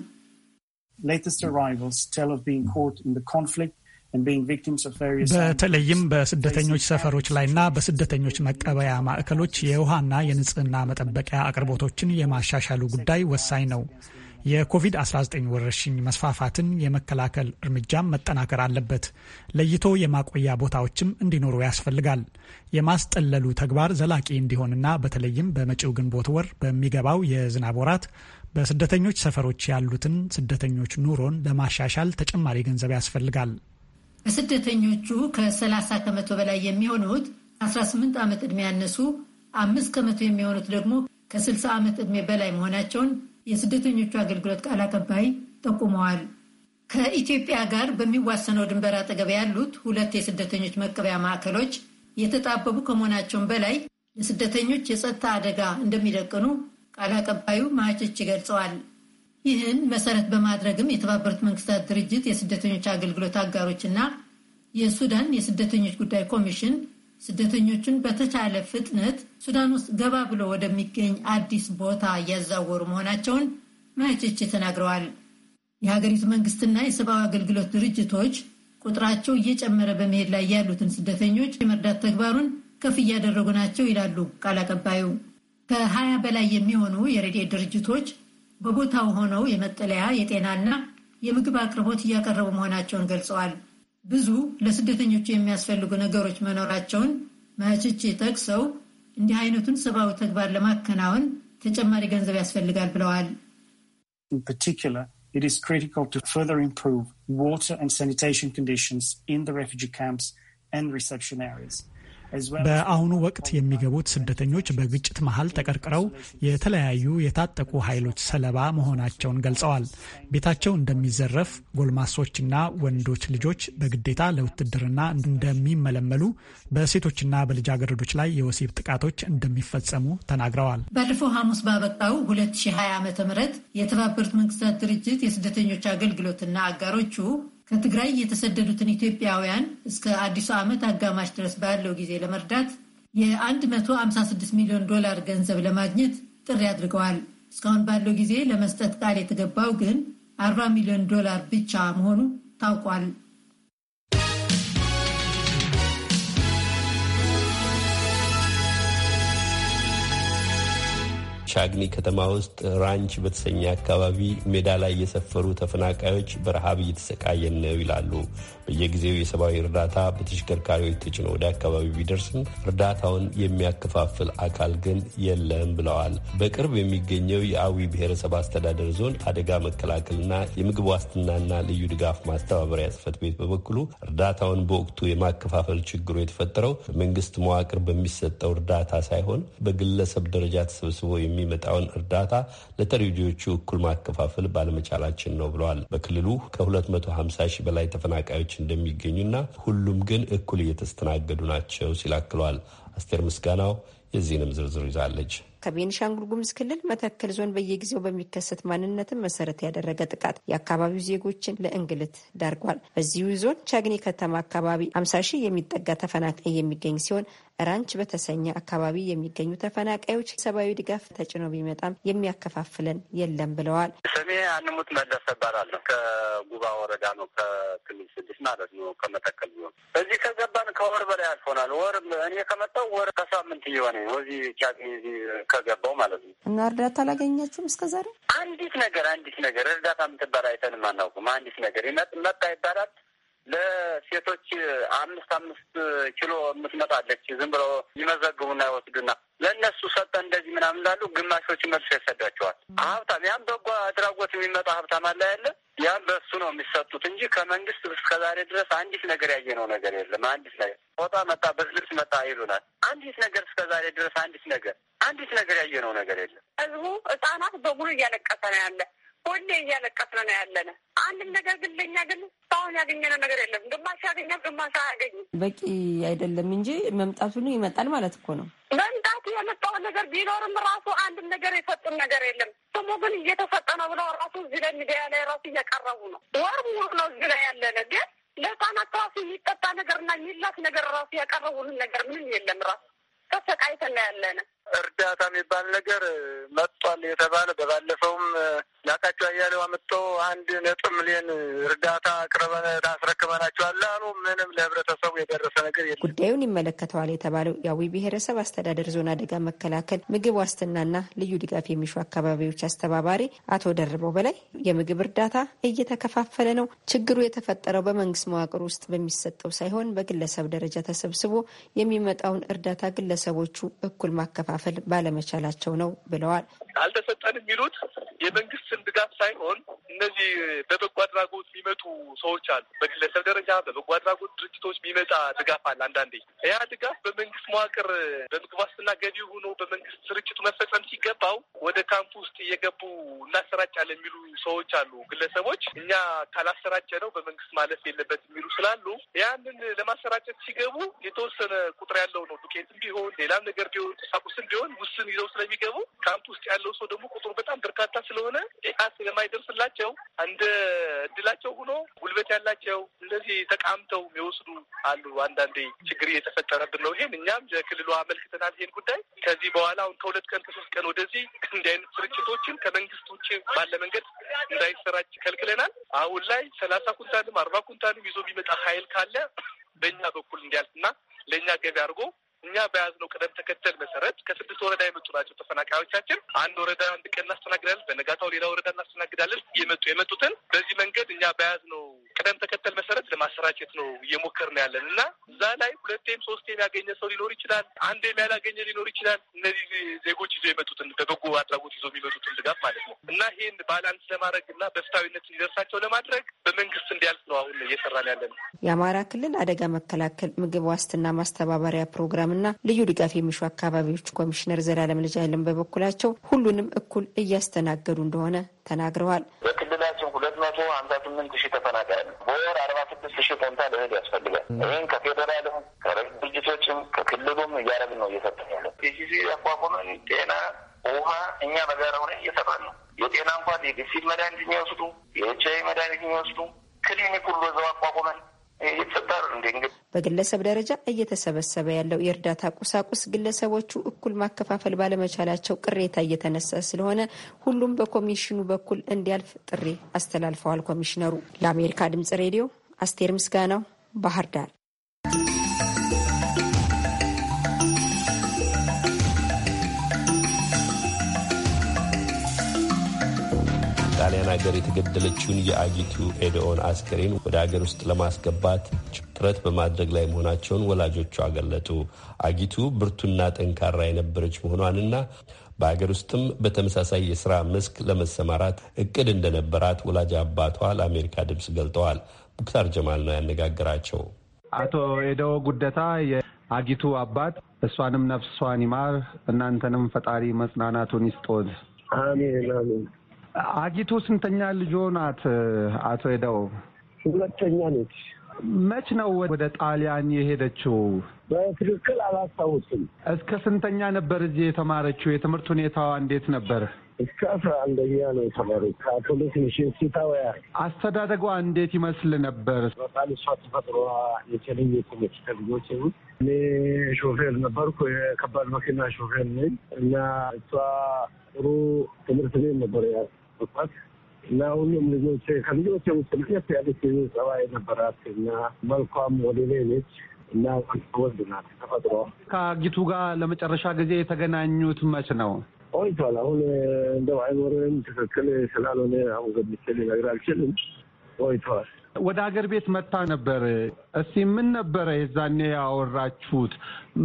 latest arrivals tell of being caught in the conflict በተለይም በስደተኞች ሰፈሮች ላይና በስደተኞች መቀበያ ማዕከሎች የውሃና የንጽህና መጠበቂያ አቅርቦቶችን የማሻሻሉ ጉዳይ ወሳኝ ነው። የኮቪድ-19 ወረርሽኝ መስፋፋትን የመከላከል እርምጃም መጠናከር አለበት። ለይቶ የማቆያ ቦታዎችም እንዲኖሩ ያስፈልጋል። የማስጠለሉ ተግባር ዘላቂ እንዲሆንና በተለይም በመጪው ግንቦት ወር በሚገባው የዝናብ ወራት በስደተኞች ሰፈሮች ያሉትን ስደተኞች ኑሮን ለማሻሻል ተጨማሪ ገንዘብ ያስፈልጋል። ከስደተኞቹ ከ30 ከመቶ በላይ የሚሆኑት 18 ዓመት ዕድሜ ያነሱ፣ አምስት ከመቶ የሚሆኑት ደግሞ ከ60 ዓመት ዕድሜ በላይ መሆናቸውን የስደተኞቹ አገልግሎት ቃል አቀባይ ጠቁመዋል። ከኢትዮጵያ ጋር በሚዋሰነው ድንበር አጠገብ ያሉት ሁለት የስደተኞች መቀበያ ማዕከሎች የተጣበቡ ከመሆናቸውም በላይ ለስደተኞች የጸጥታ አደጋ እንደሚደቅኑ ቃል አቀባዩ ማጭች ገልጸዋል። ይህን መሰረት በማድረግም የተባበሩት መንግስታት ድርጅት የስደተኞች አገልግሎት አጋሮችና የሱዳን የስደተኞች ጉዳይ ኮሚሽን ስደተኞቹን በተቻለ ፍጥነት ሱዳን ውስጥ ገባ ብሎ ወደሚገኝ አዲስ ቦታ እያዛወሩ መሆናቸውን ማያቸች ተናግረዋል። የሀገሪቱ መንግስትና የሰብአዊ አገልግሎት ድርጅቶች ቁጥራቸው እየጨመረ በመሄድ ላይ ያሉትን ስደተኞች የመርዳት ተግባሩን ከፍ እያደረጉ ናቸው ይላሉ ቃል አቀባዩ። ከሀያ በላይ የሚሆኑ የረድኤት ድርጅቶች በቦታው ሆነው የመጠለያ የጤናና የምግብ አቅርቦት እያቀረቡ መሆናቸውን ገልጸዋል። ብዙ ለስደተኞቹ የሚያስፈልጉ ነገሮች መኖራቸውን መችቼ ጠቅሰው እንዲህ አይነቱን ሰብአዊ ተግባር ለማከናወን ተጨማሪ ገንዘብ ያስፈልጋል ብለዋል። በአሁኑ ወቅት የሚገቡት ስደተኞች በግጭት መሀል ተቀርቅረው የተለያዩ የታጠቁ ኃይሎች ሰለባ መሆናቸውን ገልጸዋል። ቤታቸው እንደሚዘረፍ፣ ጎልማሶችና ወንዶች ልጆች በግዴታ ለውትድርና እንደሚመለመሉ፣ በሴቶችና በልጃገረዶች ላይ የወሲብ ጥቃቶች እንደሚፈጸሙ ተናግረዋል። ባለፈው ሐሙስ ባበቃው 2020 ዓ.ም የተባበሩት መንግስታት ድርጅት የስደተኞች አገልግሎትና አጋሮቹ ከትግራይ የተሰደዱትን ኢትዮጵያውያን እስከ አዲሱ ዓመት አጋማሽ ድረስ ባለው ጊዜ ለመርዳት የ156 ሚሊዮን ዶላር ገንዘብ ለማግኘት ጥሪ አድርገዋል። እስካሁን ባለው ጊዜ ለመስጠት ቃል የተገባው ግን 40 ሚሊዮን ዶላር ብቻ መሆኑ ታውቋል። ቻግኒ ከተማ ውስጥ ራንች በተሰኘ አካባቢ ሜዳ ላይ የሰፈሩ ተፈናቃዮች በረሃብ እየተሰቃየን ነው ይላሉ። በየጊዜው የሰብአዊ እርዳታ በተሽከርካሪዎች ተጭኖ ወደ አካባቢ ቢደርስም እርዳታውን የሚያከፋፍል አካል ግን የለም ብለዋል። በቅርብ የሚገኘው የአዊ ብሔረሰብ አስተዳደር ዞን አደጋ መከላከልና የምግብ ዋስትናና ልዩ ድጋፍ ማስተባበሪያ ጽፈት ቤት በበኩሉ እርዳታውን በወቅቱ የማከፋፈል ችግሩ የተፈጠረው በመንግስት መዋቅር በሚሰጠው እርዳታ ሳይሆን በግለሰብ ደረጃ ተሰብስቦ የሚ የሚመጣውን እርዳታ ለተረጂዎቹ እኩል ማከፋፈል ባለመቻላችን ነው ብለዋል። በክልሉ ከ250 ሺህ በላይ ተፈናቃዮች እንደሚገኙና ሁሉም ግን እኩል እየተስተናገዱ ናቸው ሲል አስቴር ምስጋናው የዚህንም ዝርዝር ይዛለች። ከቤኒሻንጉል ጉምዝ ክልል መተከል ዞን በየጊዜው በሚከሰት ማንነትን መሰረት ያደረገ ጥቃት የአካባቢው ዜጎችን ለእንግልት ዳርጓል። በዚሁ ዞን ቻግኒ ከተማ አካባቢ 50 ሺህ የሚጠጋ ተፈናቃይ የሚገኝ ሲሆን ራንች በተሰኘ አካባቢ የሚገኙ ተፈናቃዮች ሰብአዊ ድጋፍ ተጭኖ ቢመጣም የሚያከፋፍለን የለም ብለዋል። ስሜ አንሙት መለስ እባላለሁ። ከጉባ ወረዳ ነው፣ ከክልል ስድስት ማለት ነው፣ ከመተከል ቢሆን እዚህ ከገባን ከወር በላይ አልፎናል። ወር እኔ ከመጣው ወር ከሳምንት እየሆነ ወዚህ ቻቅ ከገባው ማለት ነው። እና እርዳታ አላገኛችሁም እስከ ዛሬ? አንዲት ነገር አንዲት ነገር እርዳታ የምትባል አይተንም አናውቅም። አንዲት ነገር መጣ ይባላል ለሴቶች አምስት አምስት ኪሎ የምትመጣለች ዝም ብለው ይመዘግቡና ይወስዱና ለእነሱ ሰጠ እንደዚህ ምናምን ላሉ ግማሾች መልሶ ይሰዳቸዋል። ሀብታም ያም በጎ አድራጎት የሚመጣ ሀብታም አለ ያለ ያም በሱ ነው የሚሰጡት እንጂ ከመንግስት እስከዛሬ ድረስ አንዲት ነገር ያየነው ነገር የለም። አንዲት ነገር ፎጣ መጣ፣ በልብስ መጣ ይሉናል። አንዲት ነገር እስከዛሬ ድረስ አንዲት ነገር አንዲት ነገር ያየነው ነገር የለም። ህዝቡ ህጻናት በሙሉ እያለቀሰ ነው ያለ ሁሌ እያለቀስን ነው ያለን። አንድም ነገር ግን ለኛ ግን እስካሁን ያገኘነው ነገር የለም። ግማሽ ያገኛል፣ ግማሽ አያገኝም። በቂ አይደለም እንጂ መምጣቱን ይመጣል ማለት እኮ ነው። መምጣቱ የመጣውን ነገር ቢኖርም ራሱ አንድም ነገር የሰጡን ነገር የለም። ስሙ ግን እየተሰጠ ነው ብለው ራሱ እዚህ ለሚዲያ ላይ ራሱ እያቀረቡ ነው። ወር ሙሉ ነው እዚህ ላይ ያለነ ግን ለህፃናት ራሱ የሚጠጣ ነገርና የሚላት ነገር ራሱ ያቀረቡልን ነገር ምንም የለም። ራሱ ተሰቃይተን ያለነ እርዳታ የሚባል ነገር መጥቷል የተባለ በባለፈውም ላቃቸው አያሌው አምጥቶ አንድ ነጥብ ሚሊዮን እርዳታ አቅርበን ታስረክበናቸዋል አሉ። ምንም ለህብረተሰቡ የደረሰ ነገር የለም። ጉዳዩን ይመለከተዋል የተባለው የአዊ ብሔረሰብ አስተዳደር ዞን አደጋ መከላከል ምግብ ዋስትናና ልዩ ድጋፍ የሚሹ አካባቢዎች አስተባባሪ አቶ ደርበው በላይ የምግብ እርዳታ እየተከፋፈለ ነው። ችግሩ የተፈጠረው በመንግስት መዋቅር ውስጥ በሚሰጠው ሳይሆን በግለሰብ ደረጃ ተሰብስቦ የሚመጣውን እርዳታ ግለሰቦቹ እኩል ማከፋፈል መካፈል ባለመቻላቸው ነው ብለዋል። አልተሰጠን የሚሉት የመንግስትን ድጋፍ ሳይሆን እነዚህ በበጎ አድራጎት የሚመጡ ሰዎች አሉ። በግለሰብ ደረጃ በበጎ አድራጎት ድርጅቶች የሚመጣ ድጋፍ አለ። አንዳንዴ ያ ድጋፍ በመንግስት መዋቅር በምግብ ዋስትና ገቢ ሆኖ በመንግስት ስርጭቱ መፈጸም ሲገባው ወደ ካምፕ ውስጥ እየገቡ እናሰራጫለን የሚሉ ሰዎች አሉ። ግለሰቦች እኛ ካላሰራጨ ነው በመንግስት ማለፍ የለበት የሚሉ ስላሉ ያንን ለማሰራጨት ሲገቡ የተወሰነ ቁጥር ያለው ነው ዱቄትም ቢሆን ሌላም ነገር ቢሆን ቁሳቁስም ቢሆን ውስን ይዘው ስለሚገቡ ካምፕ ውስጥ ያለው ሰው ደግሞ ቁጥሩ በጣም በርካታ ስለሆነ ያ ስለማይደርስላቸው ያላቸው እንደ እድላቸው ሆኖ ጉልበት ያላቸው እንደዚህ ተቃምተው የሚወስዱ አሉ። አንዳንዴ ችግር እየተፈጠረብን ነው። ይሄን እኛም ለክልሉ አመልክተናል። ይህን ጉዳይ ከዚህ በኋላ አሁን ከሁለት ቀን ከሶስት ቀን ወደዚህ እንዲህ አይነት ስርጭቶችን ከመንግስት ውጭ ባለ መንገድ እንዳይሰራጭ ከልክለናል። አሁን ላይ ሰላሳ ኩንታንም አርባ ኩንታንም ይዞ ቢመጣ ሀይል ካለ በእኛ በኩል እንዲያልፍና ለእኛ ገቢ አድርጎ እኛ በያዝነው ቅደም ተከተል መሰረት ከስድስት ወረዳ የመጡ ናቸው ተፈናቃዮቻችን። አንድ ወረዳ አንድ ቀን እናስተናግዳለን፣ በነጋታው ሌላ ወረዳ እናስተናግዳለን። የመጡ የመጡትን በዚህ መንገድ እኛ በያዝነው ቅደም ተከተል መሰረት ለማሰራጨት ነው እየሞከርን ያለን እና እዛ ላይ ሁለቴም ሶስቴም ያገኘ ሰው ሊኖር ይችላል፣ አንዴም ያላገኘ ሊኖር ይችላል። እነዚህ ዜጎች ይዞ የመጡትን በበጎ አድራጎት ይዞ የሚመጡትን ድጋፍ ማለት ነው እና ይህን ባላንስ ለማድረግ እና በፍታዊነት እንዲደርሳቸው ለማድረግ በመንግስት እንዲያልፍ ነው አሁን እየሰራን ያለን። የአማራ ክልል አደጋ መከላከል ምግብ ዋስትና ማስተባበሪያ ፕሮግራም እና ልዩ ድጋፍ የሚሹ አካባቢዎች ኮሚሽነር ዘላለም ልጅ በበኩላቸው ሁሉንም እኩል እያስተናገዱ እንደሆነ ተናግረዋል። በክልላችን ሁለት መቶ ሀምሳ ስምንት ሺህ ተፈናቃይ በወር አርባ ስድስት ሺህ ኮንታል እህል ያስፈልጋል። ይህን ከፌዴራልም ከረግ ድርጅቶችም ከክልሉም እያደረግን ነው እየሰጠን ያለ ሲሲ ያቋቁመን ጤና፣ ውሃ እኛ በጋራ ሆነ እየሰራን ነው። የጤና እንኳን የግፊት መድኃኒት የሚወስዱ የኤች አይ መድኃኒት የሚወስዱ ክሊኒክ ሁሉ በዛው አቋቁመን እየተሰጠር እንዴ እንግዲህ በግለሰብ ደረጃ እየተሰበሰበ ያለው የእርዳታ ቁሳቁስ ግለሰቦቹ እኩል ማከፋፈል ባለመቻላቸው ቅሬታ እየተነሳ ስለሆነ ሁሉም በኮሚሽኑ በኩል እንዲያልፍ ጥሪ አስተላልፈዋል። ኮሚሽነሩ ለአሜሪካ ድምጽ ሬዲዮ አስቴር ምስጋናው ባህር ዳር። ሀገር የተገደለችውን የአጂቱ ኤድኦን አስከሬን ወደ ሀገር ውስጥ ለማስገባት ጥረት በማድረግ ላይ መሆናቸውን ወላጆቿ ገለጡ። አጊቱ ብርቱና ጠንካራ የነበረች መሆኗንና በሀገር ውስጥም በተመሳሳይ የስራ መስክ ለመሰማራት እቅድ እንደነበራት ወላጅ አባቷ ለአሜሪካ ድምፅ ገልጠዋል። ሙክታር ጀማል ነው ያነጋገራቸው። አቶ ኤደኦ ጉደታ የአጊቱ አባት፣ እሷንም ነፍሷን ይማር፣ እናንተንም ፈጣሪ መጽናናቱን ይስጦት። አሜን አሜን። አጊቱ ስንተኛ ልጆ ናት? አቶ ሄደው ሁለተኛ ነች። መች ነው ወደ ጣሊያን የሄደችው? በትክክል አላስታውስም። እስከ ስንተኛ ነበር እዚህ የተማረችው? የትምህርት ሁኔታዋ እንዴት ነበር? እስከ አስራ አንደኛ ነው የተማረች ካቶሊክ ሚሽን ሲታወያ። አስተዳደጓ እንዴት ይመስል ነበር? በጣም እሷ ተፈጥሮ የተለየ ትምህርት ከልጆች እኔ ሾፌር ነበርኩ፣ የከባድ መኪና ሾፌር ነኝ እና እሷ ጥሩ ትምህርት ቤት ነበር ያ አስጠበቋት እና ልጆች ከልጆች ውስጥ ያለች ጸባይ ነበራት እና መልኳም ወደ ሌሎች እና ወድ ናት ተፈጥሮ። ከአጊቱ ጋር ለመጨረሻ ጊዜ የተገናኙት መች ነው? ቆይቷል። አሁን እንደው አይኖርም ትክክል ስላልሆነ አሁን ገብቼ ልነግርህ አልችልም። ቆይቷል። ወደ ሀገር ቤት መታ ነበር። እስቲ ምን ነበረ የዛኔ ያወራችሁት?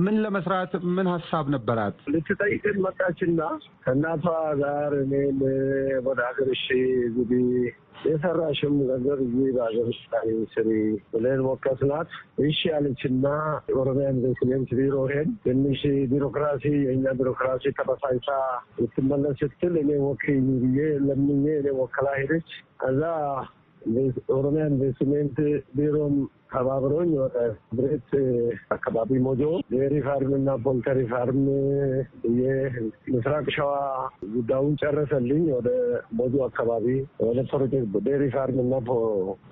ምን ለመስራት ምን ሀሳብ ነበራት? ልትጠይቅን መጣችና ከእናቷ ጋር እኔም ወደ ሀገር እሺ ግቢ የሰራሽም ገንዘብ እዚህ በሀገር ውስጥ ስሪ ብለን ሞከስናት። እሺ ያለችና ኦሮሚያ ኢንቨስትመንት ቢሮ ሄን ትንሽ ቢሮክራሲ የእኛ ቢሮክራሲ ተበሳይታ ልትመለስ ስትል እኔ ወክኝ ብዬ ለምኜ እኔ ወከላ ሄደች። ከዛ de oromean desimente dieron ተባብረውኝ ወደ ብሬት አካባቢ ሞጆ ዴሪ ፋርም እና ፖልተሪ ፋርም የምስራቅ ሸዋ ጉዳዩን ጨረሰልኝ። ወደ ሞጆ አካባቢ ወደ ፕሮጀክት ዴሪ ፋርም እና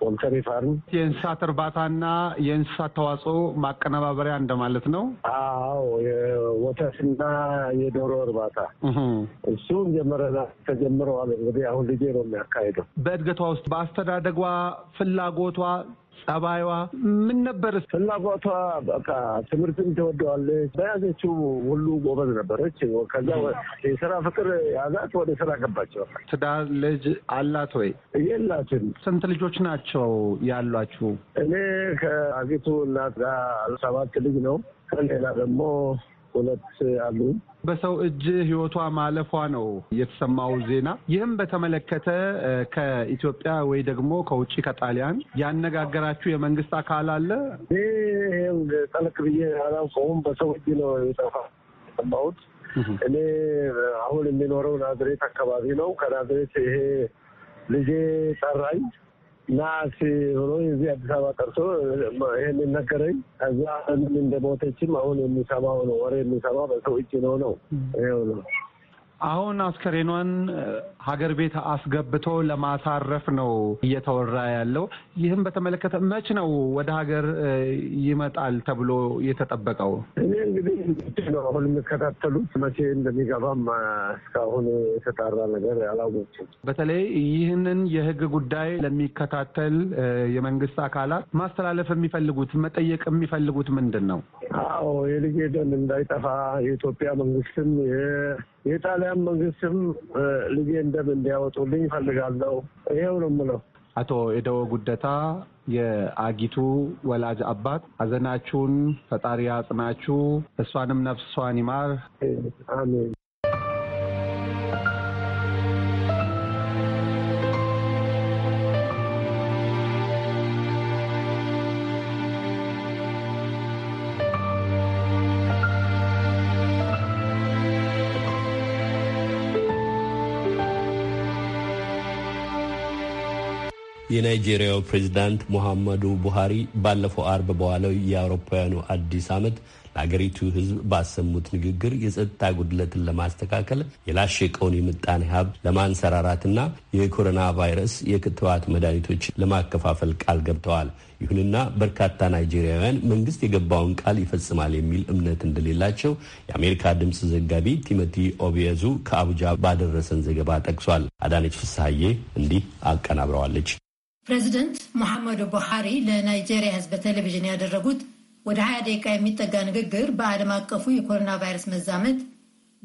ፖልተሪ ፋርም የእንስሳት እርባታና የእንስሳት ተዋጽኦ ማቀነባበሪያ እንደማለት ነው። አዎ የወተትና የዶሮ እርባታ እሱም ጀመረና ተጀምረዋል። እንግዲህ አሁን ልጄ ነው የሚያካሄደው። በእድገቷ ውስጥ በአስተዳደጓ ፍላጎቷ ጸባይዋ ምን ነበር? ፍላጎቷ በቃ ትምህርትን ትወደዋለች። በያዘችው ሁሉ ጎበዝ ነበረች። ከዛ የስራ ፍቅር ያዛት፣ ወደ ስራ ገባቸው። ትዳር ልጅ አላት ወይ? የላትም። ስንት ልጆች ናቸው ያሏችሁ? እኔ ከአጊቱ እናት ጋር ሰባት ልጅ ነው። ከሌላ ደግሞ ሁለት አሉ። በሰው እጅ ህይወቷ ማለፏ ነው የተሰማው ዜና። ይህም በተመለከተ ከኢትዮጵያ ወይ ደግሞ ከውጭ ከጣሊያን ያነጋገራችሁ የመንግስት አካል አለ? ይህም ጠለቅ ብዬ አላውቀውም። በሰው እጅ ነው የጠፋ የሰማሁት። እኔ አሁን የሚኖረው ናዝሬት አካባቢ ነው። ከናዝሬት ይሄ ልጄ ጠራኝ። ናስ ብሎ የዚህ አዲስ አበባ ጠርቶ ይህን ነገረኝ። ከዛ ምን እንደሞተችም አሁን የሚሰማው ነው ወሬ የሚሰማ በሰው እጅ ነው ነው ይኸው ነው አሁን አስከሬኗን ሀገር ቤት አስገብቶ ለማሳረፍ ነው እየተወራ ያለው። ይህም በተመለከተ መች ነው ወደ ሀገር ይመጣል ተብሎ የተጠበቀው? እኔ እንግዲህ ነው አሁን የሚከታተሉት መቼ እንደሚገባም እስካሁን የተጣራ ነገር አላወቅም። በተለይ ይህንን የህግ ጉዳይ ለሚከታተል የመንግስት አካላት ማስተላለፍ የሚፈልጉት መጠየቅ የሚፈልጉት ምንድን ነው? አዎ የልጄ ደም እንዳይጠፋ የኢትዮጵያ መንግስትም የጣሊያን መንግስትም ልጄ እንደ ገንዘብ እንዲያወጡልኝ ይፈልጋለሁ። ይሄው ነው የምለው። አቶ የደወ ጉደታ የአጊቱ ወላጅ አባት፣ ሀዘናችሁን ፈጣሪ አጽናችሁ፣ እሷንም ነፍሷን ይማር። አሜን። የናይጄሪያው ፕሬዚዳንት ሙሐመዱ ቡሃሪ ባለፈው አርብ በዋለው የአውሮፓውያኑ አዲስ ዓመት ለአገሪቱ ሕዝብ ባሰሙት ንግግር የጸጥታ ጉድለትን ለማስተካከል የላሸቀውን የምጣኔ ሀብ ለማንሰራራትና የኮሮና ቫይረስ የክትባት መድኃኒቶች ለማከፋፈል ቃል ገብተዋል። ይሁንና በርካታ ናይጄሪያውያን መንግስት የገባውን ቃል ይፈጽማል የሚል እምነት እንደሌላቸው የአሜሪካ ድምፅ ዘጋቢ ቲሞቲ ኦቢየዙ ከአቡጃ ባደረሰን ዘገባ ጠቅሷል። አዳነች ፍስሐዬ እንዲህ አቀናብረዋለች። ፕሬዚደንት ሙሐመዱ ቡሃሪ ለናይጄሪያ ህዝብ በቴሌቪዥን ያደረጉት ወደ 20 ደቂቃ የሚጠጋ ንግግር በዓለም አቀፉ የኮሮና ቫይረስ መዛመት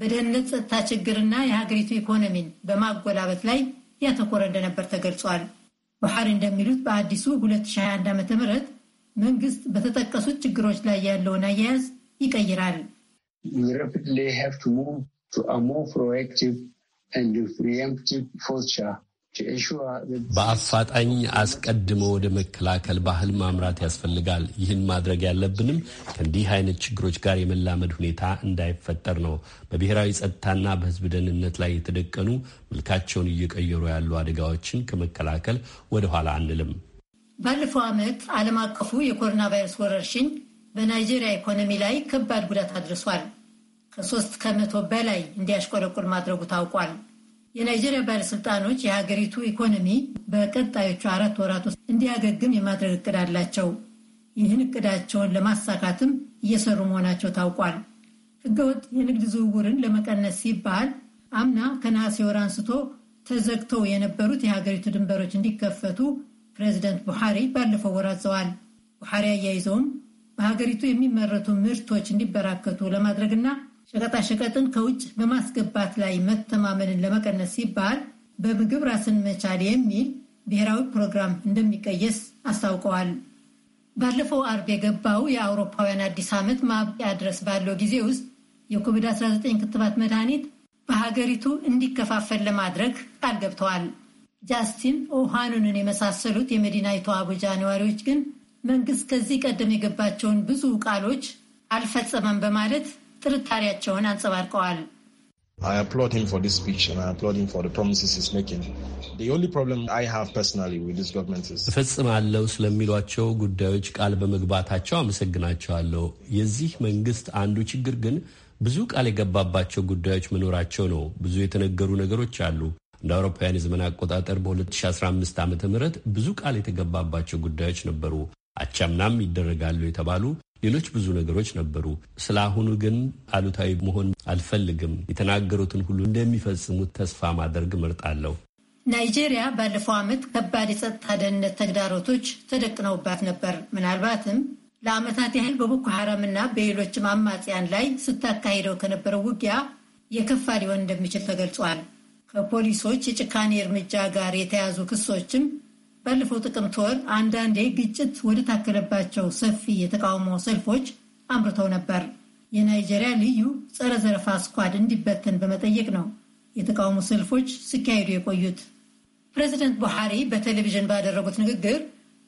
በደህንነት ጸጥታ ችግርና የሀገሪቱ ኢኮኖሚን በማጎላበት ላይ ያተኮረ እንደነበር ተገልጿል። ቡሃሪ እንደሚሉት በአዲሱ 2021 ዓ ም መንግስት በተጠቀሱት ችግሮች ላይ ያለውን አያያዝ ይቀይራል። በአፋጣኝ አስቀድሞ ወደ መከላከል ባህል ማምራት ያስፈልጋል። ይህን ማድረግ ያለብንም ከእንዲህ አይነት ችግሮች ጋር የመላመድ ሁኔታ እንዳይፈጠር ነው። በብሔራዊ ጸጥታና በሕዝብ ደህንነት ላይ የተደቀኑ መልካቸውን እየቀየሩ ያሉ አደጋዎችን ከመከላከል ወደኋላ አንልም። ባለፈው ዓመት ዓለም አቀፉ የኮሮና ቫይረስ ወረርሽኝ በናይጄሪያ ኢኮኖሚ ላይ ከባድ ጉዳት አድርሷል። ከሶስት ከመቶ በላይ እንዲያሽቆለቁል ማድረጉ ታውቋል። የናይጄሪያ ባለስልጣኖች የሀገሪቱ ኢኮኖሚ በቀጣዮቹ አራት ወራት ውስጥ እንዲያገግም የማድረግ እቅድ አላቸው። ይህን እቅዳቸውን ለማሳካትም እየሰሩ መሆናቸው ታውቋል። ህገወጥ የንግድ ዝውውርን ለመቀነስ ሲባል አምና ከነሐሴ ወር አንስቶ ተዘግተው የነበሩት የሀገሪቱ ድንበሮች እንዲከፈቱ ፕሬዚደንት ቡሐሪ ባለፈው ወር አዘዋል። ቡሐሪ አያይዘውም በሀገሪቱ የሚመረቱ ምርቶች እንዲበራከቱ ለማድረግና ሸቀጣሸቀጥን ከውጭ በማስገባት ላይ መተማመንን ለመቀነስ ሲባል በምግብ ራስን መቻል የሚል ብሔራዊ ፕሮግራም እንደሚቀየስ አስታውቀዋል። ባለፈው አርብ የገባው የአውሮፓውያን አዲስ ዓመት ማብቂያ ድረስ ባለው ጊዜ ውስጥ የኮቪድ-19 ክትባት መድኃኒት በሀገሪቱ እንዲከፋፈል ለማድረግ ቃል ገብተዋል። ጃስቲን ኦሃኑንን የመሳሰሉት የመዲናይቱ አቡጃ ነዋሪዎች ግን መንግስት ከዚህ ቀደም የገባቸውን ብዙ ቃሎች አልፈጸመም በማለት ጥርጣሬያቸውን አንጸባርቀዋል። እፈጽማለሁ ስለሚሏቸው ጉዳዮች ቃል በመግባታቸው አመሰግናቸዋለሁ። የዚህ መንግስት አንዱ ችግር ግን ብዙ ቃል የገባባቸው ጉዳዮች መኖራቸው ነው። ብዙ የተነገሩ ነገሮች አሉ። እንደ አውሮፓውያን የዘመን አቆጣጠር በ2015 ዓ ም ብዙ ቃል የተገባባቸው ጉዳዮች ነበሩ። አቻምናም ይደረጋሉ የተባሉ ሌሎች ብዙ ነገሮች ነበሩ። ስለ አሁኑ ግን አሉታዊ መሆን አልፈልግም። የተናገሩትን ሁሉ እንደሚፈጽሙት ተስፋ ማድረግ እመርጣለሁ። ናይጄሪያ ባለፈው ዓመት ከባድ የጸጥታ ደህንነት ተግዳሮቶች ተደቅነውባት ነበር። ምናልባትም ለዓመታት ያህል በቦኮ ሐራምና በሌሎችም አማጽያን ላይ ስታካሂደው ከነበረው ውጊያ የከፋ ሊሆን እንደሚችል ተገልጿል። ከፖሊሶች የጭካኔ እርምጃ ጋር የተያዙ ክሶችም ባለፈው ጥቅምት ወር አንዳንዴ ግጭት ወደ ታከለባቸው ሰፊ የተቃውሞ ሰልፎች አምርተው ነበር። የናይጄሪያ ልዩ ጸረ ዘረፋ ስኳድ እንዲበተን በመጠየቅ ነው የተቃውሞ ሰልፎች ሲካሄዱ የቆዩት። ፕሬዚደንት ቡሃሪ በቴሌቪዥን ባደረጉት ንግግር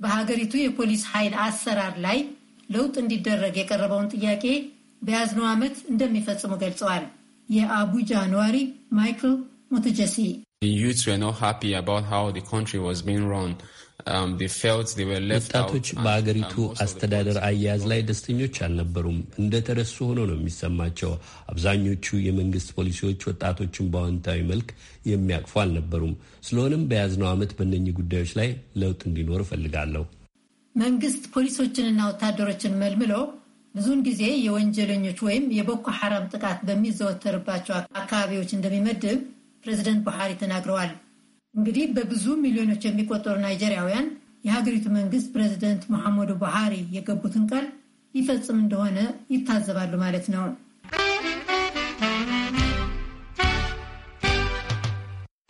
በሀገሪቱ የፖሊስ ኃይል አሰራር ላይ ለውጥ እንዲደረግ የቀረበውን ጥያቄ በያዝነው ዓመት እንደሚፈጽሙ ገልጸዋል። የአቡጃ ነዋሪ ማይክል ሞትጀሲ ወጣቶች በአገሪቱ um, አስተዳደር አያያዝ ላይ ደስተኞች አልነበሩም። ተረሱ ሆኖ ነው የሚሰማቸው። አብዛኞቹ የመንግስት ፖሊሲዎች ወጣቶችን በአዎንታዊ መልክ የሚያቅፉ አልነበሩም። ስለሆነም በያዝነው ዓመት በእነኚህ ጉዳዮች ላይ ለውጥ እንዲኖር እፈልጋለሁ። መንግስት ፖሊሶችንና ወታደሮችን መልምሎ ብዙውን ጊዜ የወንጀለኞች ወይም የቦኮ ሐራም ጥቃት በሚዘወተርባቸው አካባቢዎች እንደሚመድብ ፕሬዚደንት ቡሃሪ ተናግረዋል። እንግዲህ በብዙ ሚሊዮኖች የሚቆጠሩ ናይጄሪያውያን የሀገሪቱ መንግስት ፕሬዚደንት መሐመዱ ቡሃሪ የገቡትን ቃል ይፈጽም እንደሆነ ይታዘባሉ ማለት ነው።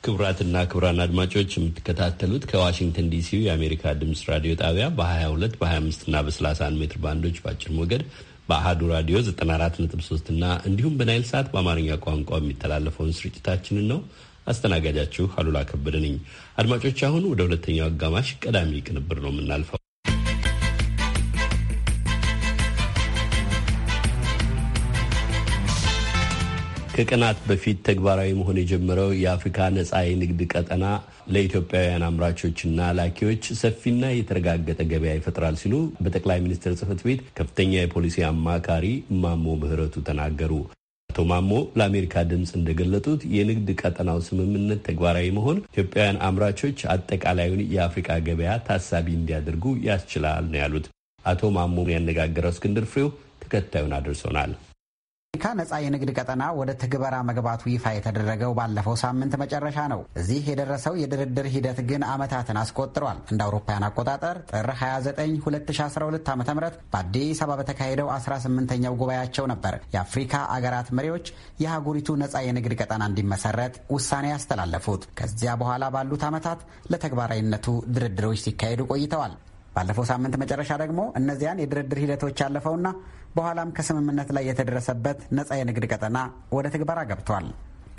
ክቡራትና ክቡራን አድማጮች የምትከታተሉት ከዋሽንግተን ዲሲው የአሜሪካ ድምፅ ራዲዮ ጣቢያ በ22 በ25 እና በ31 ሜትር ባንዶች በአጭር ሞገድ በአህዱ ራዲዮ 94.3 እና እንዲሁም በናይል ሰዓት በአማርኛ ቋንቋ የሚተላለፈውን ስርጭታችንን ነው። አስተናጋጃችሁ አሉላ ከበደ ነኝ። አድማጮች፣ አሁን ወደ ሁለተኛው አጋማሽ ቀዳሚ ቅንብር ነው የምናልፈው። ከቀናት በፊት ተግባራዊ መሆን የጀመረው የአፍሪካ ነጻ የንግድ ቀጠና ለኢትዮጵያውያን አምራቾችና ላኪዎች ሰፊና የተረጋገጠ ገበያ ይፈጥራል ሲሉ በጠቅላይ ሚኒስትር ጽህፈት ቤት ከፍተኛ የፖሊሲ አማካሪ ማሞ ምህረቱ ተናገሩ። አቶ ማሞ ለአሜሪካ ድምፅ እንደገለጡት የንግድ ቀጠናው ስምምነት ተግባራዊ መሆን ኢትዮጵያውያን አምራቾች አጠቃላዩን የአፍሪካ ገበያ ታሳቢ እንዲያደርጉ ያስችላል ነው ያሉት። አቶ ማሞ ያነጋገረው እስክንድር ፍሬው ተከታዩን አድርሶናል። አፍሪካ ነጻ የንግድ ቀጠና ወደ ትግበራ መግባቱ ይፋ የተደረገው ባለፈው ሳምንት መጨረሻ ነው። እዚህ የደረሰው የድርድር ሂደት ግን ዓመታትን አስቆጥሯል። እንደ አውሮፓውያን አቆጣጠር ጥር 29 2012 ዓ ም በአዲስ አበባ በተካሄደው 18ኛው ጉባኤያቸው ነበር የአፍሪካ አገራት መሪዎች የአህጉሪቱ ነጻ የንግድ ቀጠና እንዲመሰረት ውሳኔ ያስተላለፉት። ከዚያ በኋላ ባሉት ዓመታት ለተግባራዊነቱ ድርድሮች ሲካሄዱ ቆይተዋል። ባለፈው ሳምንት መጨረሻ ደግሞ እነዚያን የድርድር ሂደቶች ያለፈውና በኋላም ከስምምነት ላይ የተደረሰበት ነጻ የንግድ ቀጠና ወደ ትግበራ ገብቷል።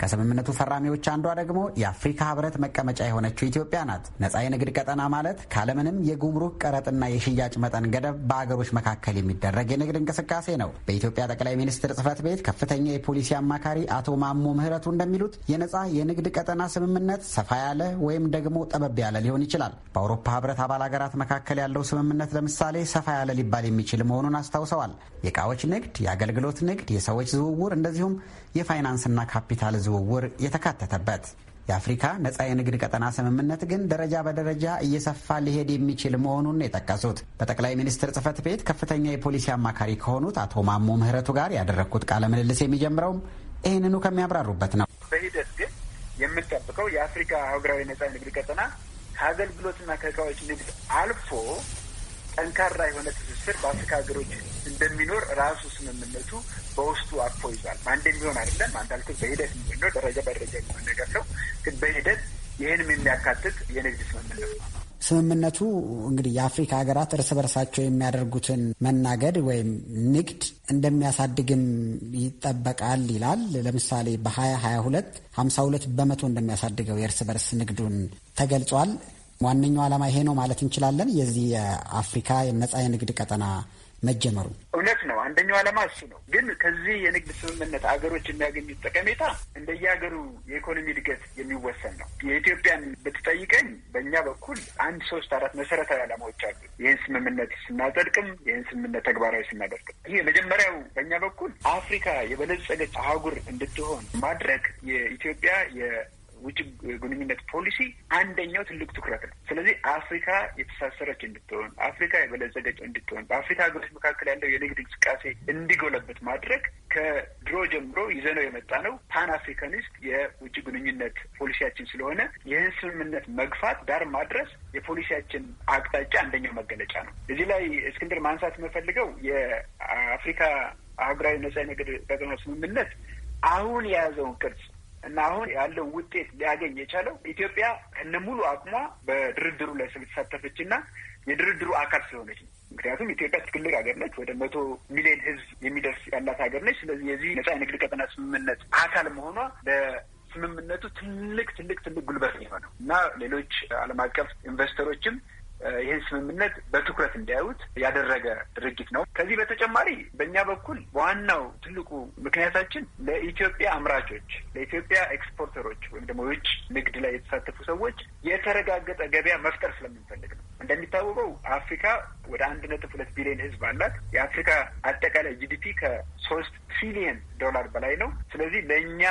ከስምምነቱ ፈራሚዎች አንዷ ደግሞ የአፍሪካ ህብረት መቀመጫ የሆነችው ኢትዮጵያ ናት። ነጻ የንግድ ቀጠና ማለት ካለምንም የጉምሩክ ቀረጥና የሽያጭ መጠን ገደብ በአገሮች መካከል የሚደረግ የንግድ እንቅስቃሴ ነው። በኢትዮጵያ ጠቅላይ ሚኒስትር ጽህፈት ቤት ከፍተኛ የፖሊሲ አማካሪ አቶ ማሞ ምህረቱ እንደሚሉት የነጻ የንግድ ቀጠና ስምምነት ሰፋ ያለ ወይም ደግሞ ጠበብ ያለ ሊሆን ይችላል። በአውሮፓ ህብረት አባል ሀገራት መካከል ያለው ስምምነት ለምሳሌ ሰፋ ያለ ሊባል የሚችል መሆኑን አስታውሰዋል። የእቃዎች ንግድ፣ የአገልግሎት ንግድ፣ የሰዎች ዝውውር እንደዚሁም የፋይናንስና ካፒታል ዝውውር የተካተተበት። የአፍሪካ ነጻ የንግድ ቀጠና ስምምነት ግን ደረጃ በደረጃ እየሰፋ ሊሄድ የሚችል መሆኑን የጠቀሱት በጠቅላይ ሚኒስትር ጽህፈት ቤት ከፍተኛ የፖሊሲ አማካሪ ከሆኑት አቶ ማሞ ምህረቱ ጋር ያደረግኩት ቃለ ምልልስ የሚጀምረውም ይህንኑ ከሚያብራሩበት ነው። በሂደት ግን የምንጠብቀው የአፍሪካ ሀገራዊ ነጻ የንግድ ቀጠና ከአገልግሎትና ከእቃዎች ንግድ አልፎ ጠንካራ የሆነ ትስስር በአፍሪካ ሀገሮች እንደሚኖር ራሱ ስምምነቱ በውስጡ አቅፎ ይዟል። አንድ የሚሆን አይደለም። አንዳልኩ በሂደት የሚሆን ነው፣ ደረጃ በደረጃ የሚሆን ነገር ነው። ግን በሂደት ይህንም የሚያካትት የንግድ ስምምነት ነው። ስምምነቱ እንግዲህ የአፍሪካ ሀገራት እርስ በርሳቸው የሚያደርጉትን መናገድ ወይም ንግድ እንደሚያሳድግም ይጠበቃል ይላል። ለምሳሌ በሀያ ሀያ ሁለት ሀምሳ ሁለት በመቶ እንደሚያሳድገው የእርስ በርስ ንግዱን ተገልጿል። ዋነኛው ዓላማ ይሄ ነው ማለት እንችላለን። የዚህ የአፍሪካ ነጻ የንግድ ቀጠና መጀመሩ እውነት ነው። አንደኛው ዓላማ እሱ ነው። ግን ከዚህ የንግድ ስምምነት አገሮች የሚያገኙት ጠቀሜታ እንደየሀገሩ የኢኮኖሚ እድገት የሚወሰን ነው። የኢትዮጵያን ብትጠይቀኝ በእኛ በኩል አንድ ሶስት አራት መሰረታዊ ዓላማዎች አሉ። ይህን ስምምነት ስናጸድቅም፣ ይህን ስምምነት ተግባራዊ ስናደርግም ይህ የመጀመሪያው በእኛ በኩል አፍሪካ የበለጸገች አህጉር እንድትሆን ማድረግ የኢትዮጵያ ውጭ ግንኙነት ፖሊሲ አንደኛው ትልቅ ትኩረት ነው። ስለዚህ አፍሪካ የተሳሰረች እንድትሆን፣ አፍሪካ የበለጸገች እንድትሆን፣ በአፍሪካ ሀገሮች መካከል ያለው የንግድ እንቅስቃሴ እንዲጎለበት ማድረግ ከድሮ ጀምሮ ይዘነው የመጣ ነው። ፓን አፍሪካኒስት የውጭ ግንኙነት ፖሊሲያችን ስለሆነ ይህን ስምምነት መግፋት ዳር ማድረስ የፖሊሲያችን አቅጣጫ አንደኛው መገለጫ ነው። እዚህ ላይ እስክንድር ማንሳት የምፈልገው የአፍሪካ ሀገራዊ ነጻ የንግድ ቀጠና ስምምነት አሁን የያዘውን ቅርጽ እና አሁን ያለው ውጤት ሊያገኝ የቻለው ኢትዮጵያ ከነ ሙሉ አቅሟ በድርድሩ ላይ ስለተሳተፈች እና የድርድሩ አካል ስለሆነች ነው። ምክንያቱም ኢትዮጵያ ትልቅ ሀገር ነች። ወደ መቶ ሚሊዮን ሕዝብ የሚደርስ ያላት ሀገር ነች። ስለዚህ የዚህ ነጻ የንግድ ቀጠና ስምምነት አካል መሆኗ ለስምምነቱ ትልቅ ትልቅ ትልቅ ጉልበት የሆነው እና ሌሎች ዓለም አቀፍ ኢንቨስተሮችም ይህን ስምምነት በትኩረት እንዲያዩት ያደረገ ድርጊት ነው። ከዚህ በተጨማሪ በእኛ በኩል በዋናው ትልቁ ምክንያታችን ለኢትዮጵያ አምራቾች፣ ለኢትዮጵያ ኤክስፖርተሮች ወይም ደግሞ የውጭ ንግድ ላይ የተሳተፉ ሰዎች የተረጋገጠ ገበያ መፍጠር ስለምንፈልግ ነው። እንደሚታወቀው አፍሪካ ወደ አንድ ነጥብ ሁለት ቢሊዮን ህዝብ አላት። የአፍሪካ አጠቃላይ ጂዲፒ ከሶስት ትሪሊየን ዶላር በላይ ነው። ስለዚህ ለእኛ